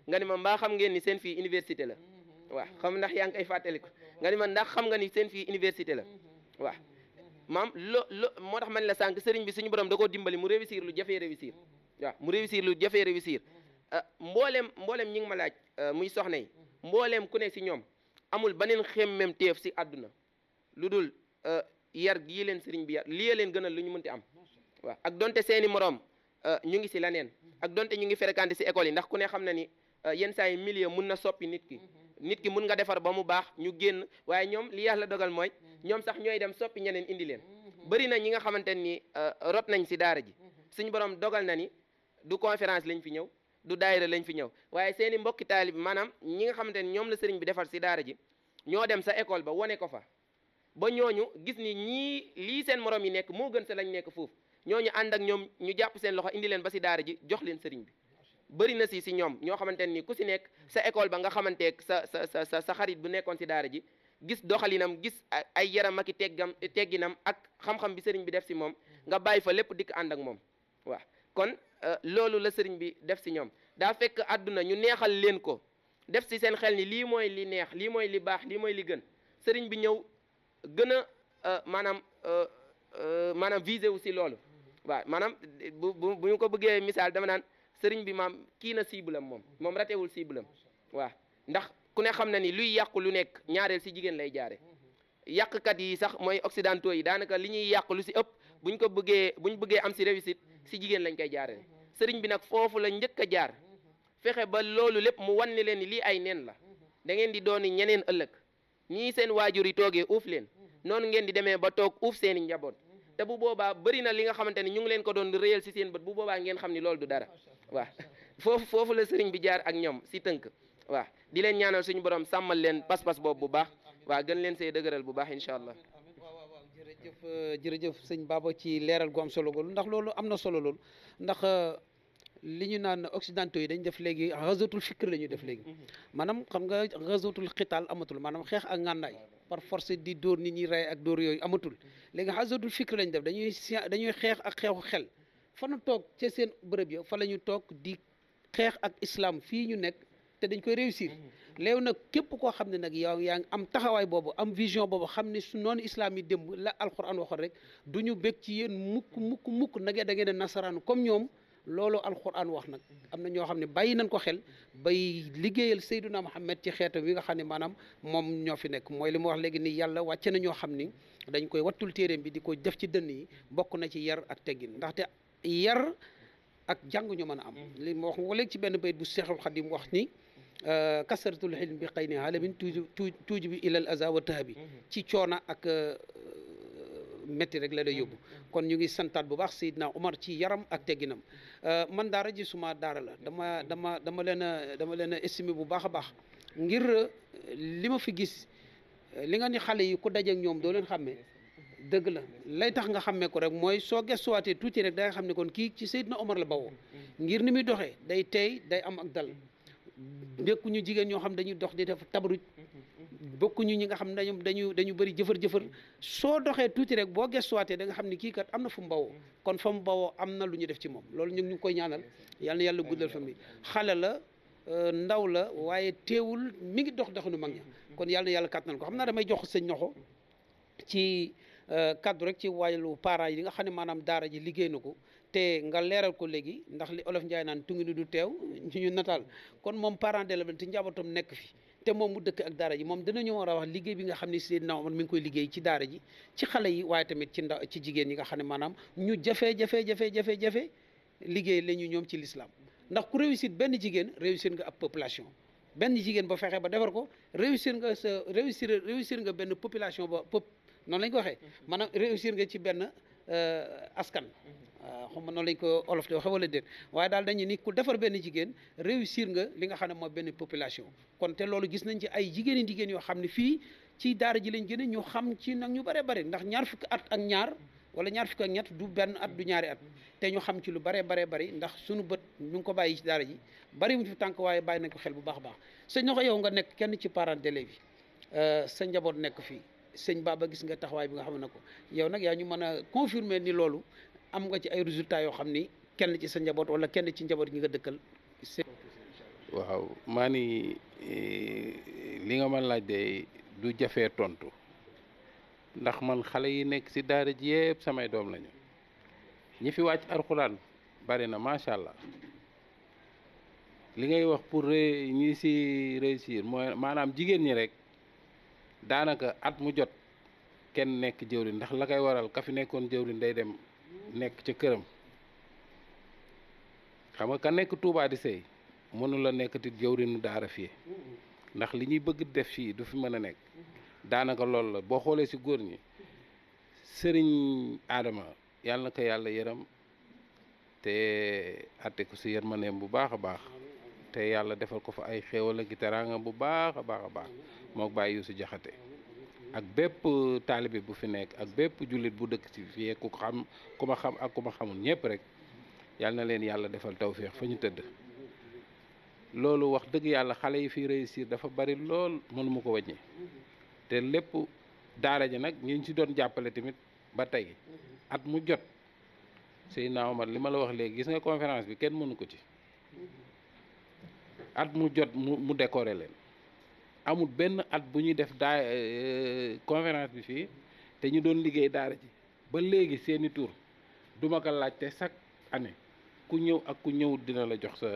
nga ni ma mbaa xam ngeen ni seen fii université la mm-hmm. waaw xam ndax yaa ngi koy fàttaliku mm-hmm. nga ma ndax xam nga ni seen fii université la mm-hmm. waaw maam lo lo moo tax man la sànq sëriñ bi suñu borom da koo dimbali mu réussir lu jafe réussir waaw mu réussir lu jafee réussir euh, mbooleem mbooleem ñi ngi ma laaj euh, muy soxna yi mbooleem ku ne si ñoom amul beneen xemmem teef si àdduna lu dul euh, yar gii leen sëriñ bi yar lii leen gënal lu ñu mënti am waa ak donte seeni moroom ñu ngi si leneen ak donte ñu ngi fréquenté si école yi ndax ku ne xam na ni Euh, yenn saa yi milieu mun na soppi nit ki mhm. nit ki mun nga defar ba mu baax ñu génn waaye ñoom li yàlla dogal mooy mhm. ñoom sax ñooy dem soppi ñeneen indi leen mhm. bëri na ñi nga xamante ni euh, rot nañ si daara ji suñ borom dogal na ni du conférence lañ fi ñëw du daayira lañ fi ñëw waaye seen i mbokki taalib maanaam ñi nga xamante ni ñoom la sëriñ bi defar si daara ji ñoo dem sa école ba wane ko fa ba ñooñu gis ni ñii lii seen morom yi nekk moo gën sa lañ nekk foofu ñooñu ànd ak ñoom ñu jàpp seen loxo indi leen ba si daara ji jox leen sëriñ bi bëri na si si ñoom ñoo xamante ni ku si nekk sa école ba nga xamanteeg sa sa sa sa xarit bu nekkoon si daara ji gis doxalinam gis ay yaram ak i teggam tegginam ak xam-xam bi sëriñ bi def si moom nga bàyyi fa lépp dikk ànd ak moom waaw kon euh, loolu la sëriñ bi def si ñoom daa fekk àdduna ñu neexal leen ko def si seen xel ni lii mooy li neex lii mooy li baax lii mooy li gën sëriñ bi ñëw gën a euh, maanaam euh, maanaam visé wu si loolu waaw maanaam bu bu ñu ko bëggee misaal dama naan sëriñ bi maam kii na cible am moom moom ratewul cible am waaw ndax ku ne xam ne ni luy yàqu lu nekk ñaareel si jigéen lay jaare yàqkat yi sax mooy occidentaux yi daanaka li ñuy yàq lu si ëpp buñ ko bëggee ñu bëggee am si réussite si jigéen lañ koy jaarale sëriñ bi nag foofu la njëkk a jaar fexe ba loolu lépp mu wan leen ni lii ay neen la da ngeen di dooni ñeneen ëllëg ñii seen waajur yi toogee uuf leen noonu ngeen di demee ba toog uuf seen i njaboot te bu boobaa bëri na li nga xamante ni ko doon réyal si seen bët bu boobaa ngeen xam ni loolu du dara waaw foofu foofu la sëriñ bi jaar ak ñoom si tënk waaw di leen ñaanal suñu borom sàmmal leen pas-pas boobu bu baax waa gën leen say dëgëral bu baax incha allah.
jërëjëf euh, jërëjëf sëñ Baba ci leeral goom solo loolu ndax loolu am na solo loolu ndax euh, li ñu naan occidentaux yi dañ def léegi réseautul fikr la ñu def léegi maanaam xam nga réseautul xitaal amatul maanaam xeex ak ngànnaay par force di door nit ñi rey ak door yooyu amatul léegi réseautul fikr la ñu def dañuy dañuy xeex ak xeexu xel fa nu toog ca seen bërëb ya fa la ñu toog di xeex ak islam fii ñu nekk te dañ koy réussir mhm. léegi nag képp koo xam ne nag yow yaa ngi am taxawaay boobu am vision boobu xam ne su noonu islam yi démb la alquran waxoon rek du ñu bég ci yéen mukk mukk mukk nage da ngeen a nasaraan comme ñoom loolu alquran wax nag mhm. am na ñoo xam ne bàyyi nañ ko xel bay liggéeyal Seyduna Muhammad ci xeetam wi nga xam ne maanaam moom ñoo fi nekk mooy li mu wax léegi ni yàlla wàcce na ñoo xam ni dañ koy wattul téeréem bi di ko def ci dënn yi bokk na ci yar ak teggin yar ak jàng ñu mën am li ma wax ci benn bayit bu Seexul Xadim wax ni euh, kasaratul xilm bi xëy na alamin tuuj tuuj bi ilal aza wa tahabi ci coona ak euh, métti rek la lay yóbbu kon ñu ngi santaat bu baax Seydina Omar ci yaram ak tegginam euh, man daara ji suma la dama dama dama leen dama leen a estimé bu baax a baax ngir li ma fi gis li nga ni xale yi ku dajeek ñoom doo leen xàmmee dëgg la lay tax nga xàmmee ko rek mooy soo gestuwaatee tuuti rek da xam ne kon kii ci Seydina Omar la bawoo ngir ni muy doxee day teey day am ak dal nekkuñu jigéen ñoo xam dañuy dox di def tabaruj bokkuñu ñi nga xam dañu dañu dañu bëri jëfër-jëfër soo doxee tuuti rek boo gestuwaatee da nga xam ne kii kat am na fu mu bawoo kon fa mu bawoo am na lu ñu def ci moom loolu ñu ngi koy ñaanal yal na yàlla guddal fa mi xale la euh, ndaw la waaye teewul mi ngi dox doxinu mag ña kon yàlla na yàlla kàttanal ko xam naa damay jox sëñ ñoxo Euh, kaddu rek ci wàllu parents yi nga xam ne maanaam daara ji liggéey na ko te nga leeral ko léegi ndax li olof Njaay naan tungi ni du teew ñu nataal kon moom parent d'élève ti njabootam nekk fi te moom mu dëkk ak daara ji moom dinañu war a wax liggéey bi nga xam ne Seydina Omar mi koy liggéey ci daara ji ci xale yi waaye tamit ci ndaw ci jigéen yi nga xam ne maanaam ñu jafe jafe jafe jafe jafe liggéey la ñu ñoom ci lislaam ndax ku réussir benn jigéen réussir nga ab population benn jigéen ba fexe ba defar ko réussir nga sa réussir réussir nga benn population ba non lañ ko waxé manam réussir nga ci euh askan euh, xuma non lañ ko olof do xawale deet waye dal daal ni ku défar ben jigen réussir nga li nga mo ben population kon té lolu gis nañ ci ay jigen jigéen yoo xam ne fii ci daara ji lañ gëna ñu xam ci nak ñu bare bare ndax ñaar fuk at ak ñaar wala ñaar fuk ak ñet du ben at du ñaari at té ñu xam ci lu bare bare bari ndax suñu bëtt ñu ko bayyi ci daara ji bari wu fi tank waye bayyi nañ ko xel bu baax baax señ ñoko yow nga nek kenn ci parent d'élève yi euh, señ njaboot nek fii sëñ Baba gis nga taxawaay bi nga xam na ko yow nag yaa ñu mën a confirmer ni loolu am nga ci ay résultat yoo xam ni kenn ci sa njaboot wala kenn ci njaboot gi nga dëkkal.
waaw maa ni e, li nga ma laaj de du jafe tontu ndax man xale yi nekk si daara ji yëpp samay doom lañu ñi fi wàcc arxuraan bari na macha allah li ngay wax pour ñi si réussir mooy maanaam jigéen ñi rek daanaka at mu jot kenn nekk jëwriñ ndax la koy waral ka fi nekkoon jëwriñ day dem nekk ca këram xam nga ka nekk Touba di sëy mënula la nekkati jëwriñu daara fii ndax li ñuy bëgg def fii du fi mën a nekk daanaka loolu la boo xoolee si góor ñi sëriñ Adama yàlla ko yàlla yëram te àtte ko si yërmandeem bu baax a baax te yalla defal ko fa ay xewal ak teranga bu baakha baakha baax mok baax mook Baye Youssou Diakhaté ak bepp taalibe bu fi nek ak bepp julit bu dëkk ci fi ku xam ku ma xam ak ku ma xamul ñepp rek yalla na leen yalla defal tawfiq fa ñu tëdd loolu wax deug yalla xalé yi fi réussir dafa bari lool mënu mako wàññi te lepp daara ji nak ñu ci doon jappalé timit ba tay at mu jot sayna Omar lima la wax légui gis nga conférence bi kenn mënu ko ci at mu jot mu mu décorer leen amul benn at bu ñuy def daa euh, conférence bi fii te ñu doon liggéey daara ji ba léegi seeni tur duma ko laajte chaque année ku ñëw ak ku ñëw dina la jox sa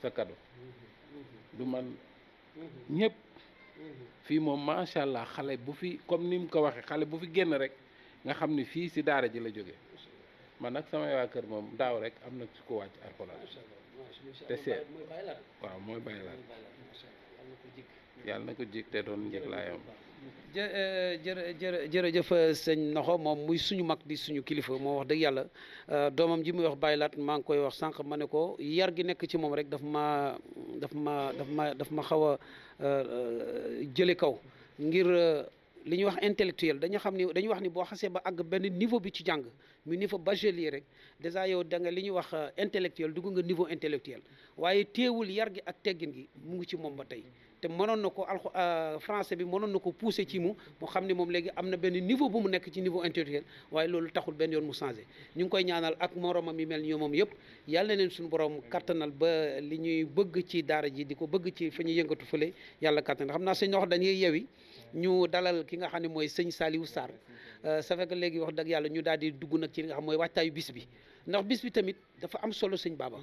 sa cadeau mm-hmm. du man mm-hmm. ñëpp mm-hmm. fii moom macha allah xale bu fi comme ni mu ko waxee xale bu fi génn rek nga xam ni fii si daara ji la jóge man nag samay waa kër moom daaw rek am na ci ko wàcc alxuraan te seet waaw mooy bàyyi laat yàlla na ko jig te doon njëg laayam
jë eh, jërë jërë jërëjëf eh, sëñ Noxo moom muy suñu mag di suñu kilifa moo wax dëgg yàlla eh, doomam ji muy wax bàyyi laat maa ngi koy wax sànq ma ne ko yar gi nekk ci moom rek daf ma daf ma daf ma daf ma xaw a jëli kaw ngir li ñuy wax intellectuel dañu xam ni dañuy wax ni boo xasee ba àgg benn niveau bi ci jàng mu niveau bachelier rek déjà yow da nga li ñuy wax euh, intellectuel dugg nga niveau intellectuel waaye téewul yar gi ak teggin gi mu ngi ci moom ba tey te mënoon na ko alxu euh, français bi mënoon na ko pousser ci mu mu xam ne moom léegi am na benn niveau bu mu nekk ci niveau intellectuel waaye loolu taxul benn yoon mu changé ñu ngi koy ñaanal ak moromam yi mel ñoom moom yëpp yàlla na leen suñu borom kattanal ba li ñuy bëgg ci daara ji di ko bëgg ci fa ñuy yëngatu fële yàlla kattanal xam naa seen wax dañuy yewi ñu dalal ki nga xam ne mooy sëñ Saliou saar euh, ça fait léegi wax dëgg yàlla ñu daal di dugg nag ci li nga xam mooy waajtaayu bis bi ndax bis bi tamit dafa am solo sëñ Baba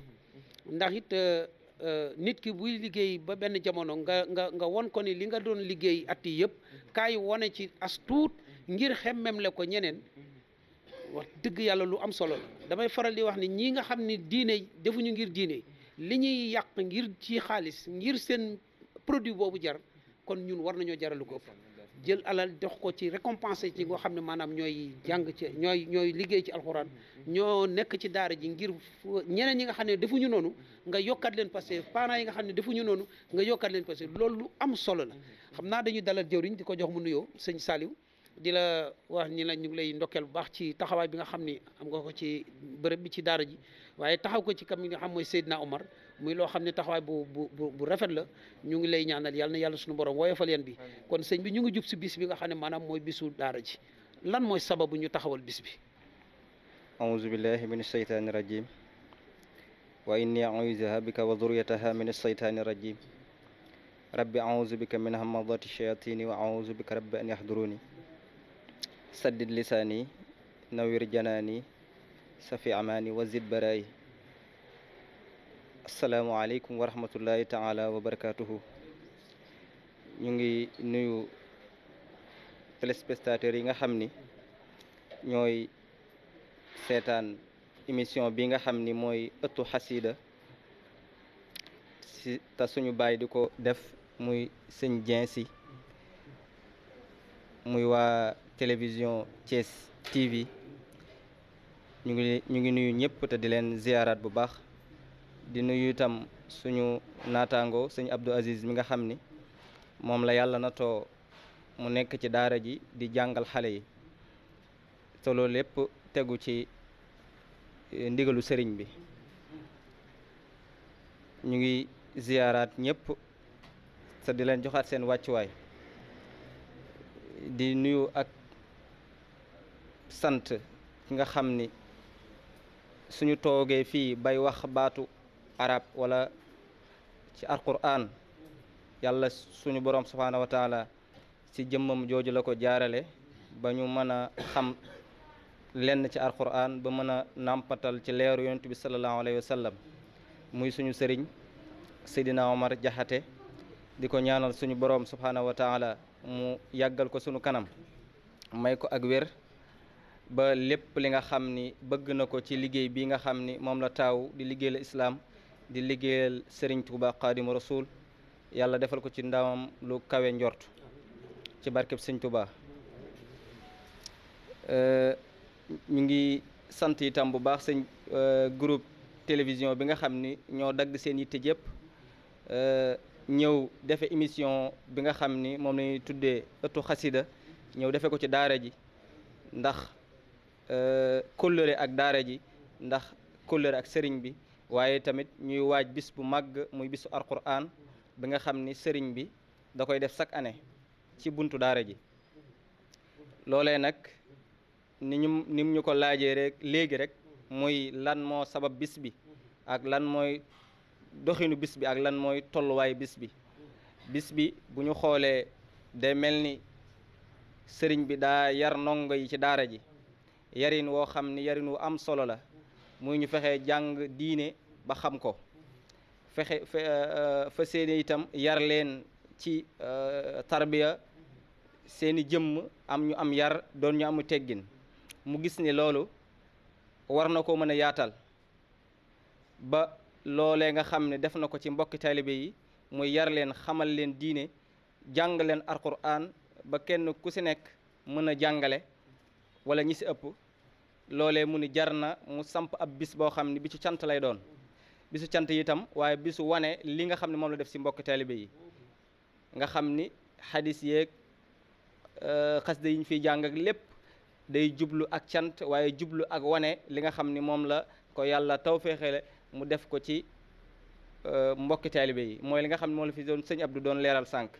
ndax it euh, euh, nit ki buy liggéey ba benn jamono nga nga nga won ko ni li nga doon liggéey at yi yëpp kaay wane ci as tuut ngir xemmem ko ñeneen wax yàlla lu am solo damay faral di wax ni ñii nga xam ni diine defuñu ngir diine li ñuy yàq ngir ci xaalis ngir seen produit boobu jar kon ñun war nañoo jaralu ko ëpp jël alal dox ko ci récompenser ci nga xam ne maanaam ñooy jàng ci ñooy ñooy liggéey ci alxuraan ñoo nekk ci daara ji ngir ñeneen ñi nga xam ne defuñu noonu nga yokkaat leen parce que parents yi nga xam ne defuñu noonu nga yokkaat leen parce que loolu lu am solo la xam naa dañuy dalal jëwriñ di ko jox mu nuyoo sëñ saaliw di la wax ñi la ñu ngi lay ndokkeel bu baax ci taxawaay bi nga xam ni am nga ko ci bërëb bi ci daara ji waye taxaw ko ci kam nga xam moy sayyidna umar muy lo xamni taxaway bu bu bu rafet la ñu ngi lay ñaanal yàlla na yàlla suñu borom woyofal yeen bi kon sëñ bi ñu ngi jup ci bis bi nga xamni manam moy bisu dara ji lan moy sababu ñu taxawal
bis bi a'udhu billahi minash shaitanir rajim wa inni a'udhu bika wa dhurriyyataha minash shaitanir rajim rabbi a'udhu bika min hamazati همضات wa a'udhu bika rabbi an yahduruni saddid lisani nawir janani safi amaani wa zid baraay asalaamualeykum wa rahmatullahi wa barakatuhu ñu ngi nuyu téléspectateurs yi nga xam ni ñooy seetaan émission bi nga xam ni mooy ëttu xasida si suñu baay di ko def muy sëñ Dieng Sy muy waa télévision Thiès TV ñu ngi ñu ngi nuyu ñëpp te di leen ziyaaraat bu baax di nuyu itam suñu naataango sëñ Abdou Aziz mi nga xam ni moom la yàlla na natoo mu nekk ci daara ji di jàngal xale yi solo lépp tegu ci eh, ndigalu sëriñ bi ñu ngi ziyaaraat ñëpp te di leen joxaat seen wàccuwaay di nuyu ak sant ki nga xam ni suñu toogee fii bay wax baatu arab wala ci alquran yàlla suñu borom subhaanahu wa taala jëmmam jooju la ko jaarale ba ñu mën a xam lenn ci alquran ba mën a nàmpatal ci leeru yonent bi sallallahu alayhi muy suñu sëriñ Seydina Omar Jaxate di ko ñaanal suñu borom subhaanahu wa mu yàggal ko suñu kanam may ko ak wér ba lepp li nga xamni bëgg nako ci liggéey bi nga xamni mom la taw di liggéeyal islam di liggéeyal Serigne Touba qadim rasoul yalla defal ko ci ndawam lu kawé ndort ci barkeb serigne Touba euh, ñu ngi sant itam bu baax euh groupe télévision bi nga xamni ni ñoo dagg seen yitte jëpp euh, ñew defe émission bi nga xamni mom lañuy tuddé ñuy khassida ñew défé ko ci daara ji ndax Euh, kóllëre ak daara ji ndax kóllëre ak sëriñ bi waaye tamit ñuy waaj bis bu màgg muy bisu alquran bi nga xam ni sëriñ bi da koy def chaque année ci buntu daara ji loole nag ni ñu ko laajee rek léegi rek muy lan moo sabab bis bi ak lan mooy doxinu bis bi ak lan mooy tolluwaay bis bi bis bi bu ñu xoolee day mel ni sëriñ bi daa yar ndongo yi ci daara ji yarin woo xam ni yarin wu am solo la muy ñu fexe jàng diine ba xam ko fexe euh, euh, fa seeni itam yar leen ci euh, tarbiya seeni jëmm am ñu am yar doon ñu amu teggin mu gis ni loolu war na ko mën a yaatal ba loolee nga xam ne def na ko ci mbokk taalibe yi muy yar leen xamal leen diine jàng leen alquran ba kenn ku si nekk mën a jàngale wala ñi si ëpp loole mu ni jar na mu samp ab bis boo xam ne bi ci cant lay doon bisu cant yitam waaye bisu wane li nga xam ne moom la def si mbokk taalibe yi nga xam ni xadis yeeg euh, xasida yi ñu fiy lépp day jublu ak cant waaye jublu ak wane li nga xam ni moom la ko yàlla tawféexale mu def ko ci euh, mbokki taalibe yi mooy li nga xam ne moom la fi doon sëñ du doon leeral sànk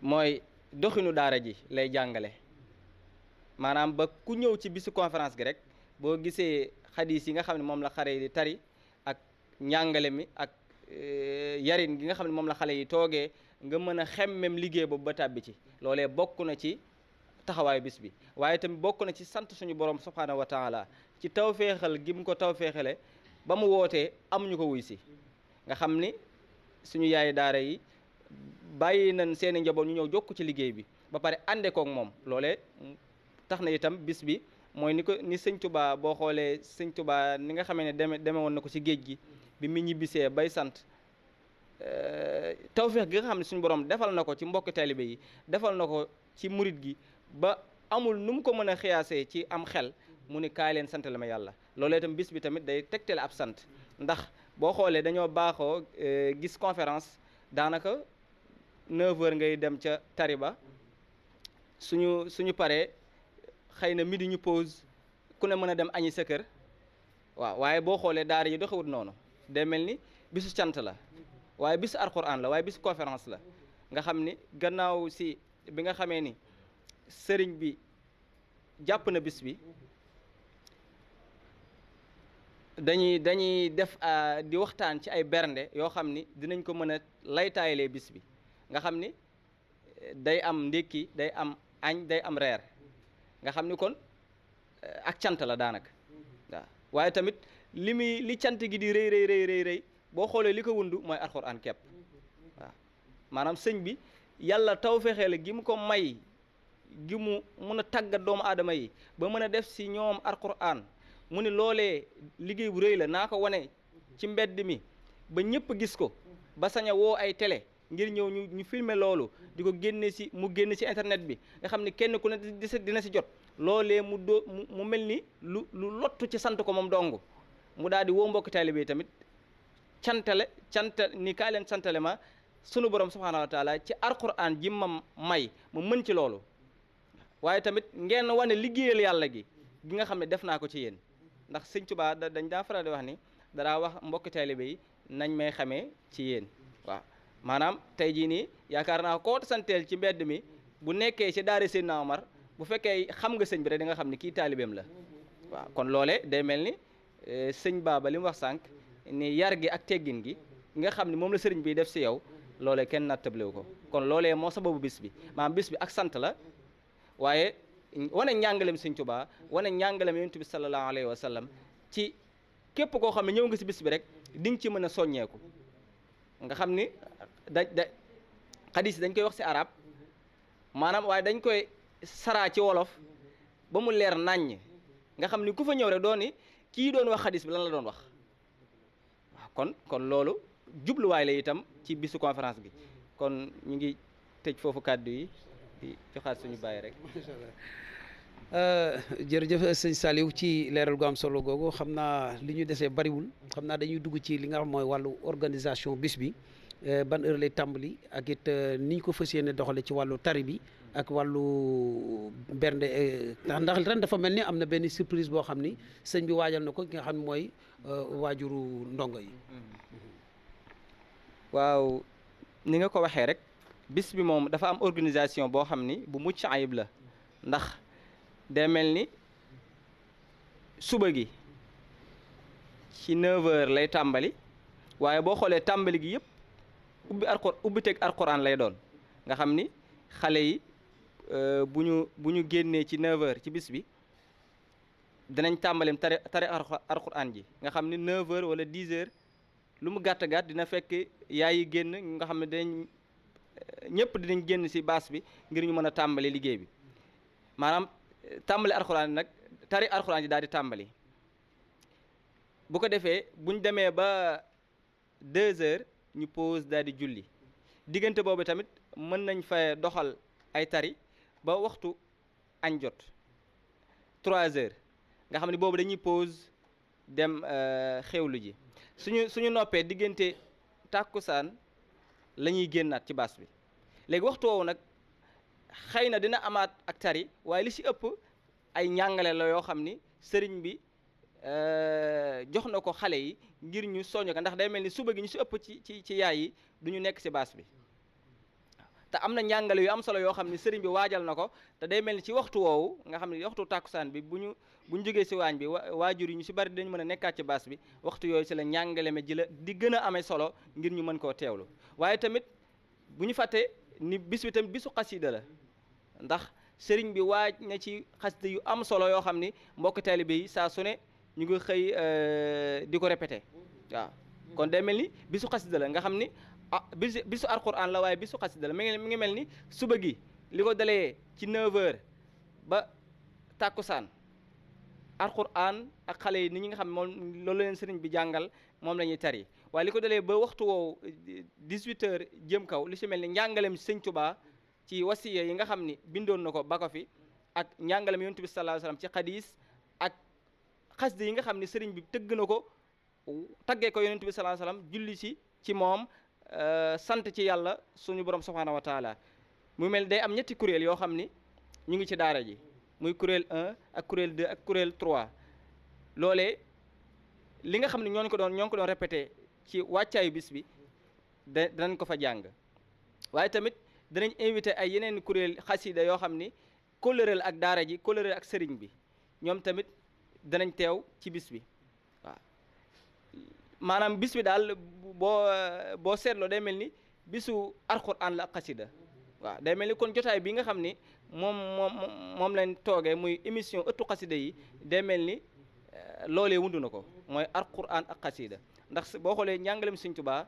mooy doxinu daara ji lay jàngale maanaam ba ku ñëw ci bisu conférence gi rek boo gisee xadis yi nga xam ne moom la xare yi di tari ak njàngale mi ak eh, yarin gi nga xam ne moom la xale yi toogee nga mën a xemmem liggéey boobu ba tàbbi ci loolee bokk na ci taxawaayu bis bi waaye tamit bokk na ci sant suñu borom subhaanahu wa taala ci tawféexal gi mu ko tawféexale ba mu wootee am ñu ko wuy si nga xam ni suñu yaay daara yi bàyyi nañ seeni njaboot ñu ñëw jokk ci liggéey bi ba pare ànde moom loolee tax na itam bis bi mooy ni ko ni sëñ tubaa boo xoolee sëñ tubaa ni nga xamee ne deme deme woon na ko ci géej gi bi mu ñibbisee bay sant euh, tawféex gi nga xam ne suñu borom defal na ko ci mbokk taalibe yi defal na ko ci murit gi ba amul nu mu ko mën a xiyaasee ci am xel mu ni kaay leen sant la ma yàlla loolu itam bi tamit day tegtale ab sant ndax boo xoolee dañoo baaxoo euh, gis conférence daanaka 9 ngay dem ca Tariba suñu suñu pare xëy na midi ñu pose ku ne mën a dem añi sa kër waaw waaye boo xoolee daar yi doxewut noonu day mel ni bisu cant la waaye bisu alxuraan la waaye bisu conférence la nga xam ni gannaaw si bi nga xamee ni sëriñ bi jàpp na bis bi dañuy dañuy def di waxtaan ci ay bernde yoo xam ni dinañ ko mën a laytaayalee bis bi nga xam ni eh, day am ndékki day am añ day am reer nga xam ni kon eh, ak cant la daanaka mm-hmm. waaw waaye tamit li muy li cant gi di rëy rëy rëy boo xoolee li ko wundu mooy alxuraan kepp mm-hmm. mm-hmm. waaw maanaam sëñ bi yàlla taw fexeele gi mu ko may gi mu mun a tàggat doomu aadama yi ba mën a def si ñoom alxuraan mu ni loolee liggéey bu rëy la naa ko wane ci mbedd mi ba ñëpp gis ko ba sañ woo ay tele ngir ñëw ñu ñu filmer loolu di ko génne si mu génne si internet bi nga xam ne kenn ku ne dina si jot loolee mu do mu mel ni lu lu lottu ci sant ko moom dong mu daal di woo mbokki taalibe yi tamit cantale canta ni kaa leen santale ma sunu borom subhaanahu ci alquran ji ma may ma mën ci loolu waaye tamit ngeen wane liggéeyal yàlla gi gi nga xam ne def naa ko ci yéen ndax sëñ Tuubaa dañ daa faral di wax ni dadaa wax mbokki taalibe yi nañ may xamee ci yéen maanaam tey jii nii yaakaar naa koo santeel ci mbedd mi bu nekkee ci daara Seydina Omar bu fekkee xam nga sëñ bi rek da nga xam ni kii taalibeem la waaw kon loolee day mel ni eh, sëñ baaba li mu wax sànq ni yar gi ak teggin gi nga xam ni moom la sëriñ bi def si yow loolee kenn nattable wu ko kon loole moo sababu bis bi maanaam bis bi ak sant la waaye wane njàngaleem sëñ Tuubaa wane njàngaleem yonent bi sallallahu alayhi wa sallam ci képp koo xam ne ñëw nga si bis bi rek di ci mën a soññeeku nga xam ni da da xadis dañ koy wax si arab maanaam waaye dañ koy saraa ci wolof ba mu leer naññ nga xam ni ku fa ñëw rek dooni kii doon wax xadis bi la nga doon wax kon kon loolu jubluwaay la itam ci bisu conférence bi kon ñu ngi tëj foofu kàddu yi di joxaat suñu bàyyi rek uh,
jërëjëf sëñ Saliou ci leeral gu am solo googu xam naa li ñu desee bariwul xam naa dañuy dugg ci li nga xam mooy wàllu organisation bis bi Euh, ban heure lay tàmbali ak it euh, niñ ko fas yéene doxale ci wàllu tari bi ak wàllu bernde euh, ndax ren dafa mel ni am na benn surprise boo xam ni sëñ bi waajal na ko ki nga xam mooy waajuru ndongo yi.
Mm-hmm.
waaw ni nga ko waxee rek bis bi moom dafa am organisation boo xam ni bu mucc ayib la ndax day mel ni suba gi ci 9 lay tàmbali waaye boo xoolee tàmbali gi yëpp. ubbi alqur ubbi teg lay doon nga xam ni xale yi euh, bu ñu bu ñu génnee ci 9h ci bis bi dinañ tàmbalem tari tari alquran ji nga xam ni 9h wala 10h lu mu gàtt gàtt dina fekk yaay yi génn nga xam ne dañ ñëpp dinañ génn si baas bi ngir ñu mën a tàmbali liggéey bi maanaam tàmbali alquran nag tari alquran ji daal di tàmbali bu ko defee buñ demee ba 2h. ñu pause daal di julli diggante boobu tamit mën nañ fa doxal ay tari ba waxtu añ jot trois heures nga xam ne boobu dañuy pause dem euh, xewlu ji suñu suñu noppee diggante tàkkusaan la ñuy génnaat ci baas bi léegi waxtu woowu nag xëy na dina amaat ak tari waaye li si ëpp ay njàngale la yoo xam ni sëriñ bi Euh, jox na ko xale yi ngir ñu soññ ko ndax day mel ni suba gi ñu si ëpp ci ci ci yaay yi du ñu nekk si baas bi te am na njàngale yu am solo yoo xam ne sëriñ bi waajal na ko te day mel ni ci waxtu woowu nga xam ne waxtu tàkkusaan bi bu ñu bu ñu jógee si waañ bi waajur yi ñu si bari dañu mën a nekkaat ci baas bi waxtu yooyu si la njàngale me ji di gën a amee solo ngir ñu mën koo teewlu waaye tamit bu ñu fàtte ni bis bi bisu xasida la ndax sëriñ bi waaj na ci xasida yu am solo yoo xam ni mbokk taalibe yi saa su ne ñu ngi xey euh, di diko répéter wa kon day melni bisu qasida la nga xamni ah, bisu alquran la way bisu qasida la mi ngi melni suba gi liko dalé ci 9h ba takusan. alquran ak xalé ni ñi nga xam mom loolu leen serigne bi jangal mom lañuy tari wa liko dalé ba waxtu wo 18h jëm kaw li ci melni jangalem serigne touba ci wasiya yi nga xamni bindon nako bako fi ak ñangalam yoonte bi sallallahu alayhi wasallam ci hadith xasida yi nga xam ne sëriñ bi tëgg na ko taggee ko yonent bi sallallahu alayhi julli si ci moom euh, sant ci yàlla suñu borom subhaanahu wa taala mu mel day am ñetti kuréel yoo xam ni ñu ngi ci daara ji muy kuréel 1 ak kuréel 2 ak kuréel 3 loole li nga xam ne ñooñu ko doon ñoo ko doon répété ci wàccaayu bis bi da dañ ko fa jàng waaye tamit danañ invité ay yeneen kuréel xasida yoo xam ni kóllëreel ak daara ji kóllëreel ak sëriñ bi ñoom tamit danañ teew ci bis bi waaw bis bi daal boo boo seetloo day mel ni bisu alxuraan la ak xasida waaw day mel ni kon jotaay bi nga xam ni moom moom moom lañ toogee muy émission ëttu xasida yi day mel ni eh, loole wundu na ko mooy alxuraan ak xasida ndax boo xoolee njàngalem Sëñ Tuubaa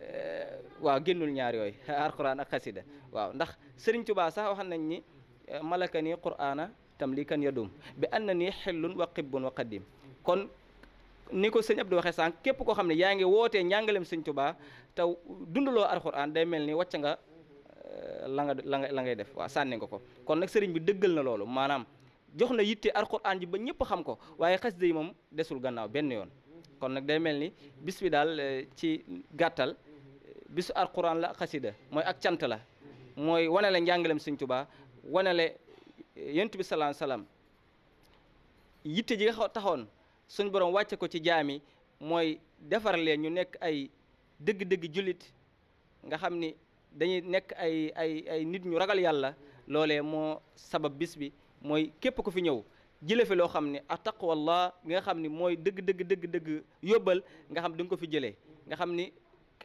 eh, waaw génnul ñaar yooyu alxuraan ak xasida waaw ndax Sëriñ Tuubaa sax wax nañ malaka ni eh, quraana tamlikan yadum bi annani xillun wa qibbun wa qadim kon niko seigne Abdou waxe sank kep ko xamne yaangi wote ñangalem seigne touba taw dundulo te day melni wacc euh, nga la nga la nga ngay def wa sànni nga ko kon nak seigne bi deggal na lolu manam jox na yitte alxuraan ji ba ñepp xam ko waye xasida yi desul gannaaw ben yoon kon nak day melni ni bis bi daal euh, ci gatal euh, bisu alxuraan la khasida moy ak cant la moy wane la seigne touba yent bi salaam salaam yitte ji nga taxoon suñ borom wàcce ko ci jaami mooy defar leen ñu nekk ay dëgg-dëgg jullit nga xam ni dañuy nekk ay ay ay nit ñu ragal yàlla loole moo sabab bis bi mooy képp ku fi ñëw jële fi loo xam ne attaqwallah nga xam ni mooy dëgg dëgg dëgg dëgg yóbbal nga xam di ko fi jëlee nga xam ni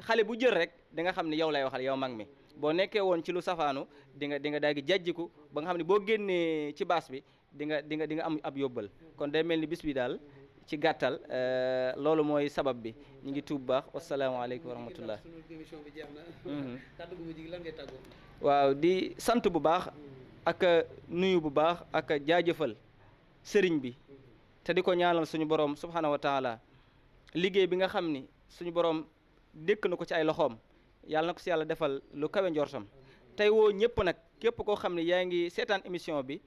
xale bu jël rek da nga xam ni yow lay waxal yow mag mi boo nekkee woon ci lu safaanu di nga di nga daal di jàjjiku ba nga xam ne boo génnee ci baas bi di nga di nga di nga am ab yóbbal kon day mel ni bis bi daal ci gàttal euh, loolu mooy sabab bi ñu ngi tuub baax wasalaamaaleykum wa rahmatullah mhm. waaw di sant bu baax ak nuyu bu baax ak jaajëfal sëriñ bi te di ko ñaanal suñu borom subhanahu wa taala liggéey bi nga xam ni suñu borom dëkk na ko ci ay loxoom yàlla na ko si yàlla defal lu kawe njortam tey woo ñëpp nag képp koo xam ne yaa ngi seetaan émission bi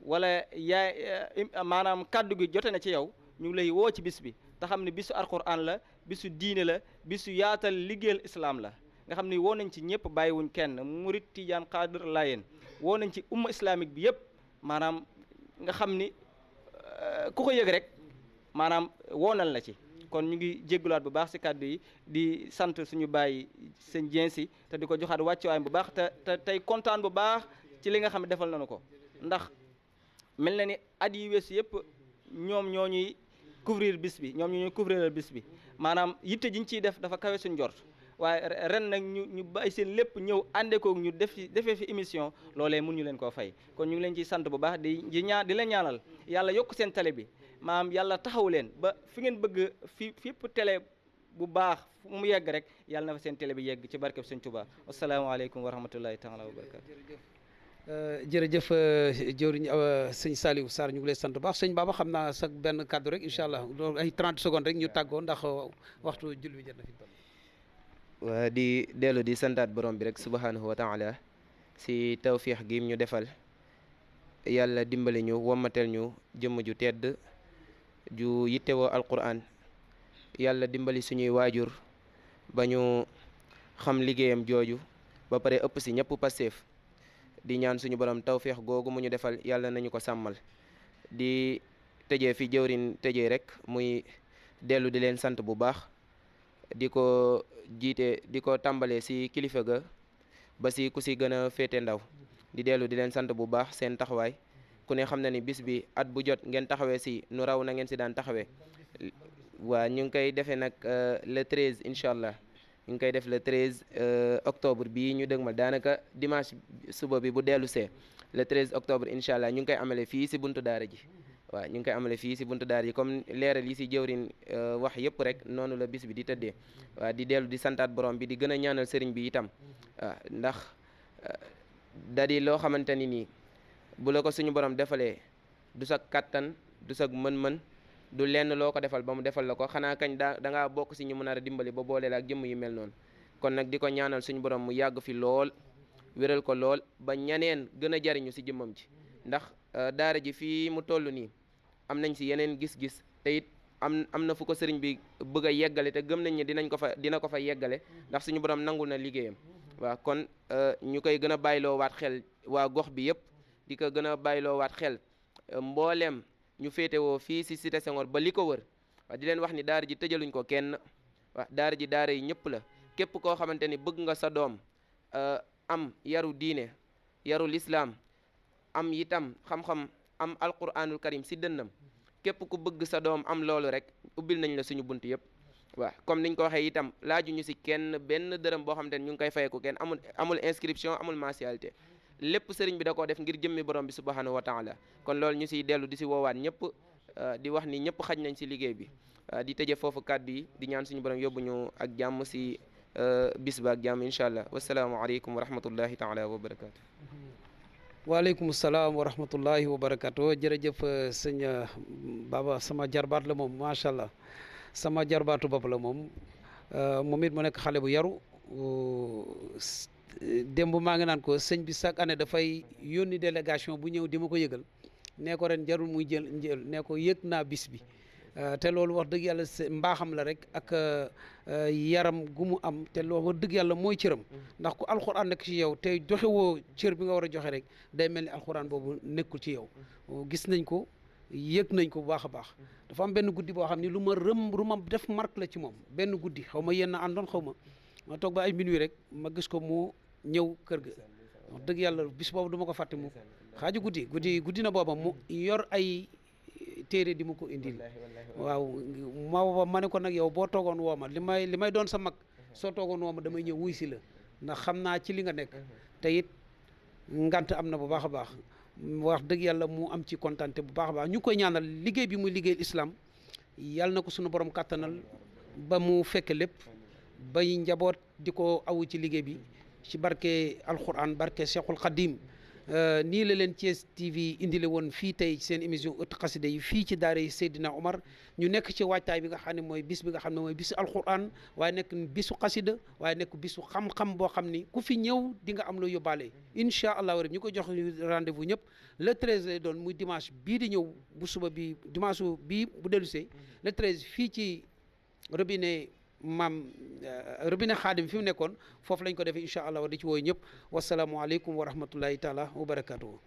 wala yaa eh, maanaam kàddu gi jote na ci yow ñu ngi lay woo ci bis bi te xam ne bisu alquran la bisu diine la bisu yaatal liggéeyal islaam la nga xam ne woo nañ ci ñëpp bàyyiwuñ kenn murit tijaan xaadir layen woo nañ ci umma islamique bi yëpp maanaam nga xam ni eh, ku ko yëg rek maanaam woonal la ci kon ñu ngi jéggulaat bu baax si kàddu yi di sant suñu bàyyi seen jeen si te di ko joxaat wàccuwaayam bu baax te te tey kontaan bu baax ci li nga xam ne defal nañu ko ndax mel na ni at yi weesu yëpp ñoom ñoo ñuy couvrir bis bi ñoom ñoo ñuy couvrir bis bi maanaam yitte ji ñu ciy def dafa kawe suñu jort waaye ren nag ñu ñu bàyyi seen lépp ñëw àndee koog ñu def ci defee fi émission loolee mun ñu leen koo fay kon ñu ngi leen ciy sant bu baax di di ñaan di leen ñaanal yàlla yokk seen tale bi. maam yalla taxaw leen ba fi ngeen bëgg fi fépp télé bu baax fu mu yegg rek yalla na fa seen télé bi yegg ci barkeb touba assalamu alaykum wa rahmatullahi taala wa barakatu
jërëjëf euh, euh, jëwriñ euh, seigne saliw sar ñu ngi lay sant baax seigne Baba xamna sax ben kàddu rek inshallah do ay 30 secondes rek ñu taggo ndax waxtu jul wi na fi
wa di delu di santat borom bi rek subhanahu wa taala si tawfiq gi ñu defal yalla dimbali ñu wommatel ñu jëm ju tedd ju yittewoo alquran yàlla dimbali suñuy waajur ba ñu xam liggéeyam jooju ba pare ëpp si ñëpp passeef di ñaan suñu borom tawféex googu mu ñu defal yàlla nañu ko sàmmal di tëjee fi jëwrin tëjee rek muy dellu di leen sant bu baax di ko jiite di ko tàmbalee si kilifa ga ba si ku si gën a féete ndaw di dellu di leen sant bu baax seen taxawaay ku ne xamna ni bis bi at bu jot ngeen taxawé ci nu raw na ngeen ci daan taxawé wa ñu ngi koy défé nak euh, le 13 inshallah allah ñu ngi koy def le 13 euh, octobre bi ñu dëgmal daanaka dimanche suba bi bu délu sé le 13 octobre inshallah allah ñu ngi koy amale fi ci buntu daara ji wa ñu ngi koy amale fi ci buntu daara ji comme léral yi ci jëwriñ euh, wax yépp rek nonu la bis bi di tëddee Wa di délu di santat borom bi di gëna ñaanal sëriñ bi itam ndax dadi lo xamanteni ni bu la ko suñu borom defalee du sa katan du sa man man du lenn loko defal ba defal lako ko kañ da nga bok ci ñu mëna dimbali ba boole la ak jëm yu mel non kon nak di ñaanal suñu borom mu yag fi lool wéral ko lool ba ñaneen gëna jariñu ci jëmam ci ndax euh, daara ji fi mu tollu ni am nañ ci yeneen gis-gis te it am amna fu ko sëriñ bi bëgga yeggalé te gëm nañ ni dinañ ko fa dina ko fa yeggalé ndax suñu borom nangul na ligéyam wa kon euh, ñukay gëna gën wat waat xel wa gox bi yépp di ko gën a waat xel euh, mboolem ñu féetewoo fii si cité Senghor ba li ko wër waa di leen wax ni daara ji tëjaluñ ko kenn waa daara ji daara yi ñëpp la képp koo xamante ni bëgg nga sa doom euh, am yaru diine yaru lislaam am itam xam-xam am alquranul karim si dënnam képp ku bëgg sa doom am loolu rek ubbil nañ la suñu bunt yëpp waa comme niñ ko waxee itam laajuñu si kenn benn dërëm boo xamante ni ñu ngi koy fayeku kenn amul amul inscription amul mensualité lepp sëriñ bi da ko def ngir jëmmé borom bi subhanahu wa taala kon lool ñu ci dellu di ci wowaat ñëpp euh, di wax ni ñëpp xañ nañ ci liggéey bi euh, di tejje fofu kaddu di ñaan suñu borom yobbu ñu ak jamm ci euh, bis ba ak jàmm incha allah alaykum wa rahmatullahi taala wa
wa alaykum assalam wa rahmatullahi wa barakatuh jerejeuf seigne Baba sama jarbaat la moom sama jarbatu bop la mom momit mo nek xale bu yaru. démb maa ngi naan ko sëñ bi chaque année dafay yónni délégation bu ñëw dima ko yëgal nee ko ren jarul muy jël jël nee ko yëg naa bis bi euh, te loolu wax dëgg yàlla mbaaxam la rek ak euh, euh, yaram gu mu am te loolu wax dëgg yàlla mooy cëram mm-hmm. ndax ku alxuraan nekk ci yow te joxe woo cër bi nga war a joxe rek day mel ni alxuraan boobu nekkul ci yow mm-hmm. gis nañ ko yëg nañ ko bu baax a baax mm-hmm. dafa benn guddi boo xam ne lu ma rëm lu ma def marque la ci moom benn guddi xaw ma yenn àndoon xaw ma ko mu ñëw kër ga wax dëgg yàlla bis boobu du ko fàtte mu xaaju guddi guddi guddi na booba mu yor ay téere di mu ko indil waaw ma ma ne ko nag yow boo toogoon woo ma li may li may doon sa mag soo toogoon woo damay ñëw wuy si la ndax xam naa ci li nga nekk mhm. teyit ngant am na bu baax a baax wax dëgg yàlla mu am ci kontante bu baax a baax ñu koy ñaanal liggéey bi muy liggéeyal islaam yàlla na ko suñu borom kàttanal ba mu fekk lépp bay njaboot di ko aw ci liggéey bi ci barke alquran barke Cheikhul Khadim euh, nii la leen Thiès TV indile woon fii tey seen émission ëtt xasida yi fii ci daara yi Seydina Omar ñu nekk ci waajtaay bi nga xam ne mooy bis bi nga xam ne mooy bis bisu alquran waaye nekk bisu xasida waaye nekk bisu xam-xam boo xam ni ku fi ñëw di nga am lu yóbbaale incha allahu rabi ñu ko jox rendez vous ñëpp le 13 lay doon muy dimanche bii di ñëw bu suba bi dimanche bii bu dellusee le 13 fii ci robinet. maam eh, robinet xaadim fi mu nekkoon foofu lañ ko defee incha allah di ci wooyu ñëpp wasalaamualeykum wa rahmatullahi taala wa barakatuhu